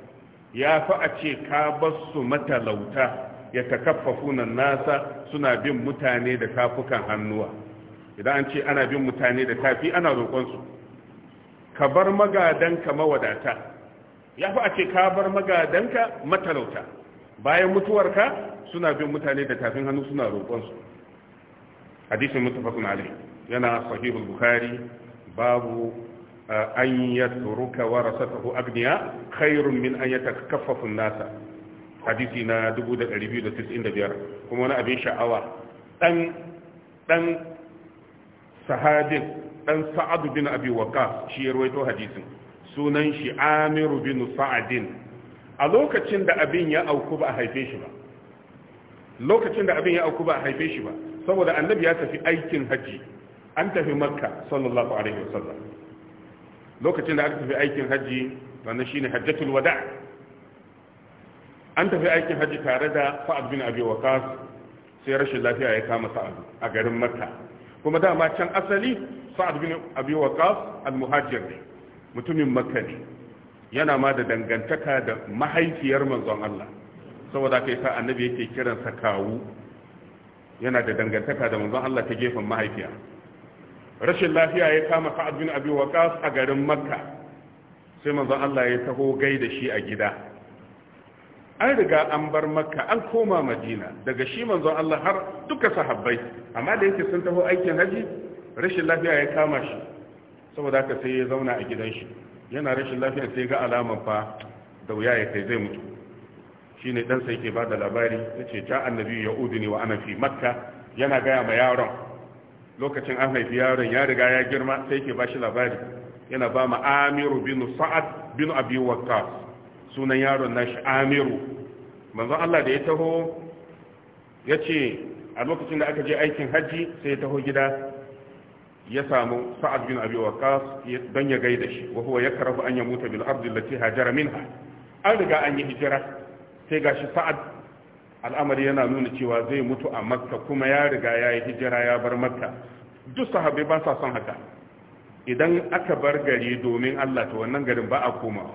ya fa a ce ka basu matalauta ya takaffafuna nasa suna bin mutane da kafukan hannuwa idan an ce ana bin mutane da kafi ana roƙonsu ka bar magadanka mawadata ya fi a ce ka bar magadanka matalauta bayan mutuwarka suna bin mutane da tafin hannu suna roƙonsu hadisin mutafakun alai yana sahihul bukhari babu eh, an yatruka warasatahu agniya khairun min an yatakaffafu nasa hadisi na 2295 kuma wani abin sha'awa ɗan dan sahabin dan sa'ad bin abi waqas shi ya rawaito hadisin sunan shi amir bin sa'adin a lokacin da abin ya auku ba a haife shi ba lokacin da abin ya auku ba a haife shi ba saboda annabi ya tafi aikin haji an tafi makka sallallahu alaihi wasallam lokacin da aka tafi aikin haji wannan shine hajjatul wada' an tafi aikin hajji tare da sa'ad bin abi waqas sai rashin lafiya ya kama sa'ad a garin makka kuma dama can asali sa'ad bin abi waqas al-muhajir ne mutumin makka ne yana ma da dangantaka da mahaifiyar manzon Allah saboda kai sa annabi yake kiran sa kawu yana da dangantaka da manzon Allah ta gefen mahaifiya rashin lafiya ya kama sa'ad bin abi waqas a garin makka sai manzon Allah ya taho gai da shi a gida an riga an bar makka an koma madina daga shi manzon Allah har duka sahabbai amma da yake sun taho aikin haji rashin lafiya ya kama shi saboda haka sai ya zauna a gidan shi yana rashin lafiya sai ga alaman fa da wuya ya kai zai mutu shine dan sai yake bada labari yace ja annabi ya udini wa ana fi makka yana gaya ma yaron lokacin an haifi yaron ya riga ya girma sai yake bashi labari yana ba ma amiru Binu, sa'ad Binu abi waqqas sunan yaron na nashi amiru manzo Allah da ya taho ya ce a lokacin da aka je aikin hajji sai ya taho gida ya samu sa'ad bin abi waqas don ya gaida shi wa huwa yakrahu an yamuta bil ardi allati hajara minha an riga an yi hijira sai gashi sa'ad al'amari yana nuna cewa zai mutu a makka kuma ya riga ya yi hijira ya bar makka duk sahabbai ba sa son haka idan aka bar gari domin Allah to wannan garin ba a komawa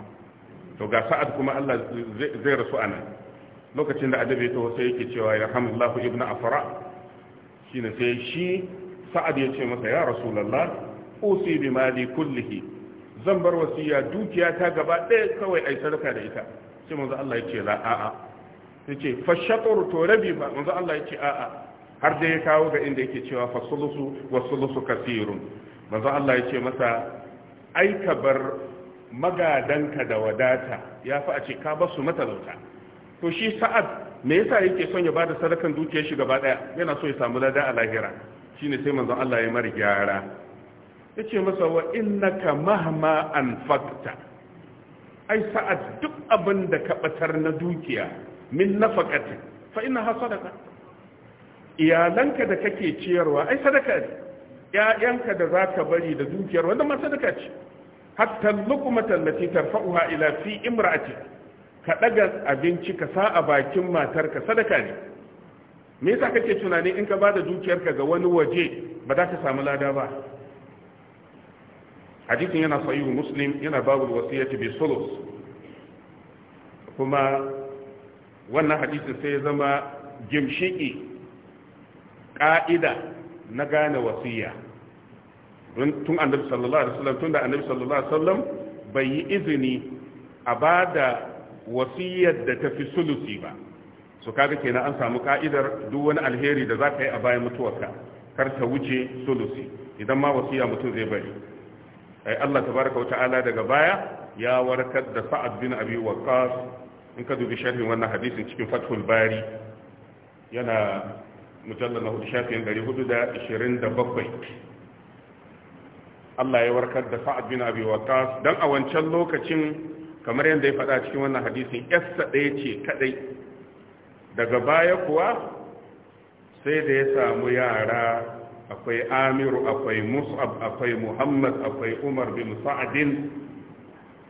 to ga sa'ad kuma Allah zai rasu a nan lokacin da adabi ta sai yake cewa ya hamdullahu ibn afra shine sai shi sa'ad ya ce masa ya rasulullah usi bi mali kullihi zan bar wasiya dukiya ta gaba ɗaya kawai ai sadaka da ita sai manzo Allah ya ce la a'a yace fa shatur to rabi ba manzo Allah ya ce a'a har da ya kawo ga inda yake cewa fa sulusu wa sulusu kasirun manzo Allah ya ce masa ai ka bar magadanka da wadata ya fi a ce ka basu matalauta to shi sa'ad me yasa yake son ya ba da sadakan dukiyar shi gaba daya yana so ya samu lada a lahira shine sai manzon Allah ya mari gyara yace masa wa innaka mahma anfaqta ai sa'ad duk abin da ka batar na dukiya min nafaqati fa innaha sadaqa iyalanka da kake ciyarwa ai sadaka ne ƴaƴanka da zaka bari da dukiyar wanda ma sadaka ce hatta luqmatan lati tarfa'uha ila fi imra'ati ka daga abinci ka sa a bakin matarka sadaka ne me yasa kake tunani in ka bada dukiyarka ga wani waje ba za ka samu lada ba hadisin yana sahihu muslim yana babu wasiyati bi sulus kuma wannan hadisin sai ya zama gimshiki ka'ida na gane wasiya tun annabi sallallahu alaihi wasallam tun da annabi sallallahu alaihi wasallam bai yi izini a ba da wasiyar da ta fi sulusi ba su kaga kenan an samu ka'idar duk wani alheri da za ka yi a bayan mutuwarka kar ta wuce sulusi idan ma wasiya mutum zai bari ai Allah tabaraka wa ta'ala daga baya ya warkar da Sa'ad bin Abi Waqqas in ka dubi sharhin wannan hadisin cikin Fathul Bari yana mujallal na hudu shafin 427 Allah ya warkar da Sa'ad bin Abi Waqqas dan a wancan lokacin kamar yadda ya faɗa cikin wannan hadisin yassa ɗaya ce kadai daga baya kuwa sai da ya samu yara akwai Amiru akwai Mus'ab akwai Muhammad akwai Umar bin Sa'adin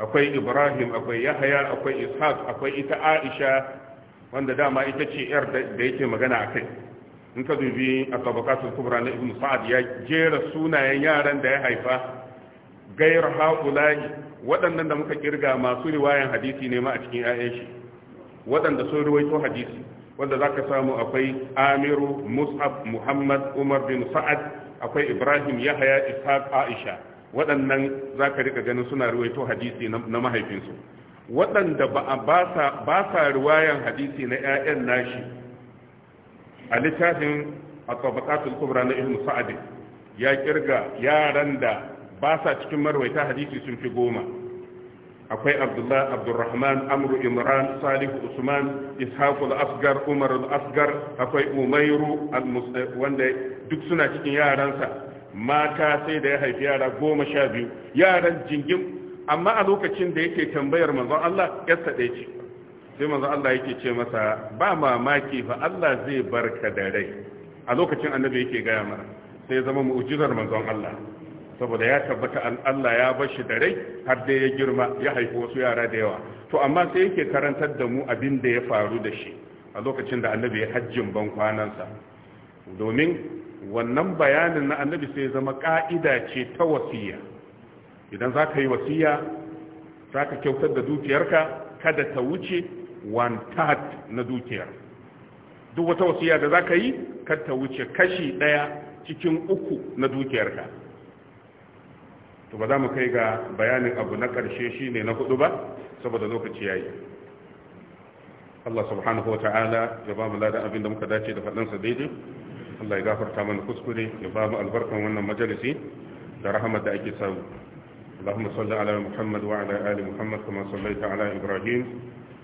akwai Ibrahim akwai Yahya akwai Ishaq akwai ita Aisha wanda dama ita ce yar da yake magana akai in ka dubi a tabakatul kubra na ibn sa'ad ya jera sunayen yaran da ya haifa gairu haula'i waɗannan da muka kirga masu riwayan hadisi ne ma a cikin 'ya'yan shi waɗanda sun ruwaito hadisi wanda zaka samu akwai Amiru Mus'ab Muhammad Umar bin Sa'ad akwai Ibrahim yahaya Ishaq Aisha waɗannan zaka rika ganin suna ruwaito hadisi na mahaifinsu waɗanda ba ba sa riwayan hadisi na 'ya'yan nashi a littafin a tabbatul kubra na ibn sa'ad ya ƙirga yaran da ba sa cikin marwaita hadisi sun fi goma akwai abdullah abdurrahman amru imran salihu usman ishaqul asgar umar al-asgar akwai umairu eh, wanda duk suna cikin yaransa mata sai da ya haifi yara goma sha biyu yaran jingin amma a lokacin da yake tambayar manzon Allah yarsa ɗaya ce sai manzo Allah yake ce masa ba mamaki fa Allah zai barka da rai a lokacin annabi yake gaya mana sai zama mu'jizar manzon Allah saboda ya tabbata Allah ya bar shi da rai har dai ya girma ya haifi wasu yara da yawa to amma sai yake karantar da mu abin da ya faru da shi a lokacin da annabi ya hajjin ban kwanansa domin wannan bayanin na annabi sai zama ka'ida ce ta wasiya idan za ka yi wasiya za ka kyautar da dukiyarka kada ta wuce one na dukiyar duk wata wasiya da za ka yi kar ta wuce kashi ɗaya cikin uku na dukiyarka to ba za mu kai ga bayanin abu na ƙarshe shi ne na hudu ba saboda lokaci ya yi Allah subhanahu wa ta'ala ya ba mu ladan abin da muka dace da faɗinsa daidai Allah ya gafarta mana kuskure ya ba mu albarkan wannan majalisi da rahamar da ake samu اللهم صل على محمد وعلى آل محمد كما صليت على إبراهيم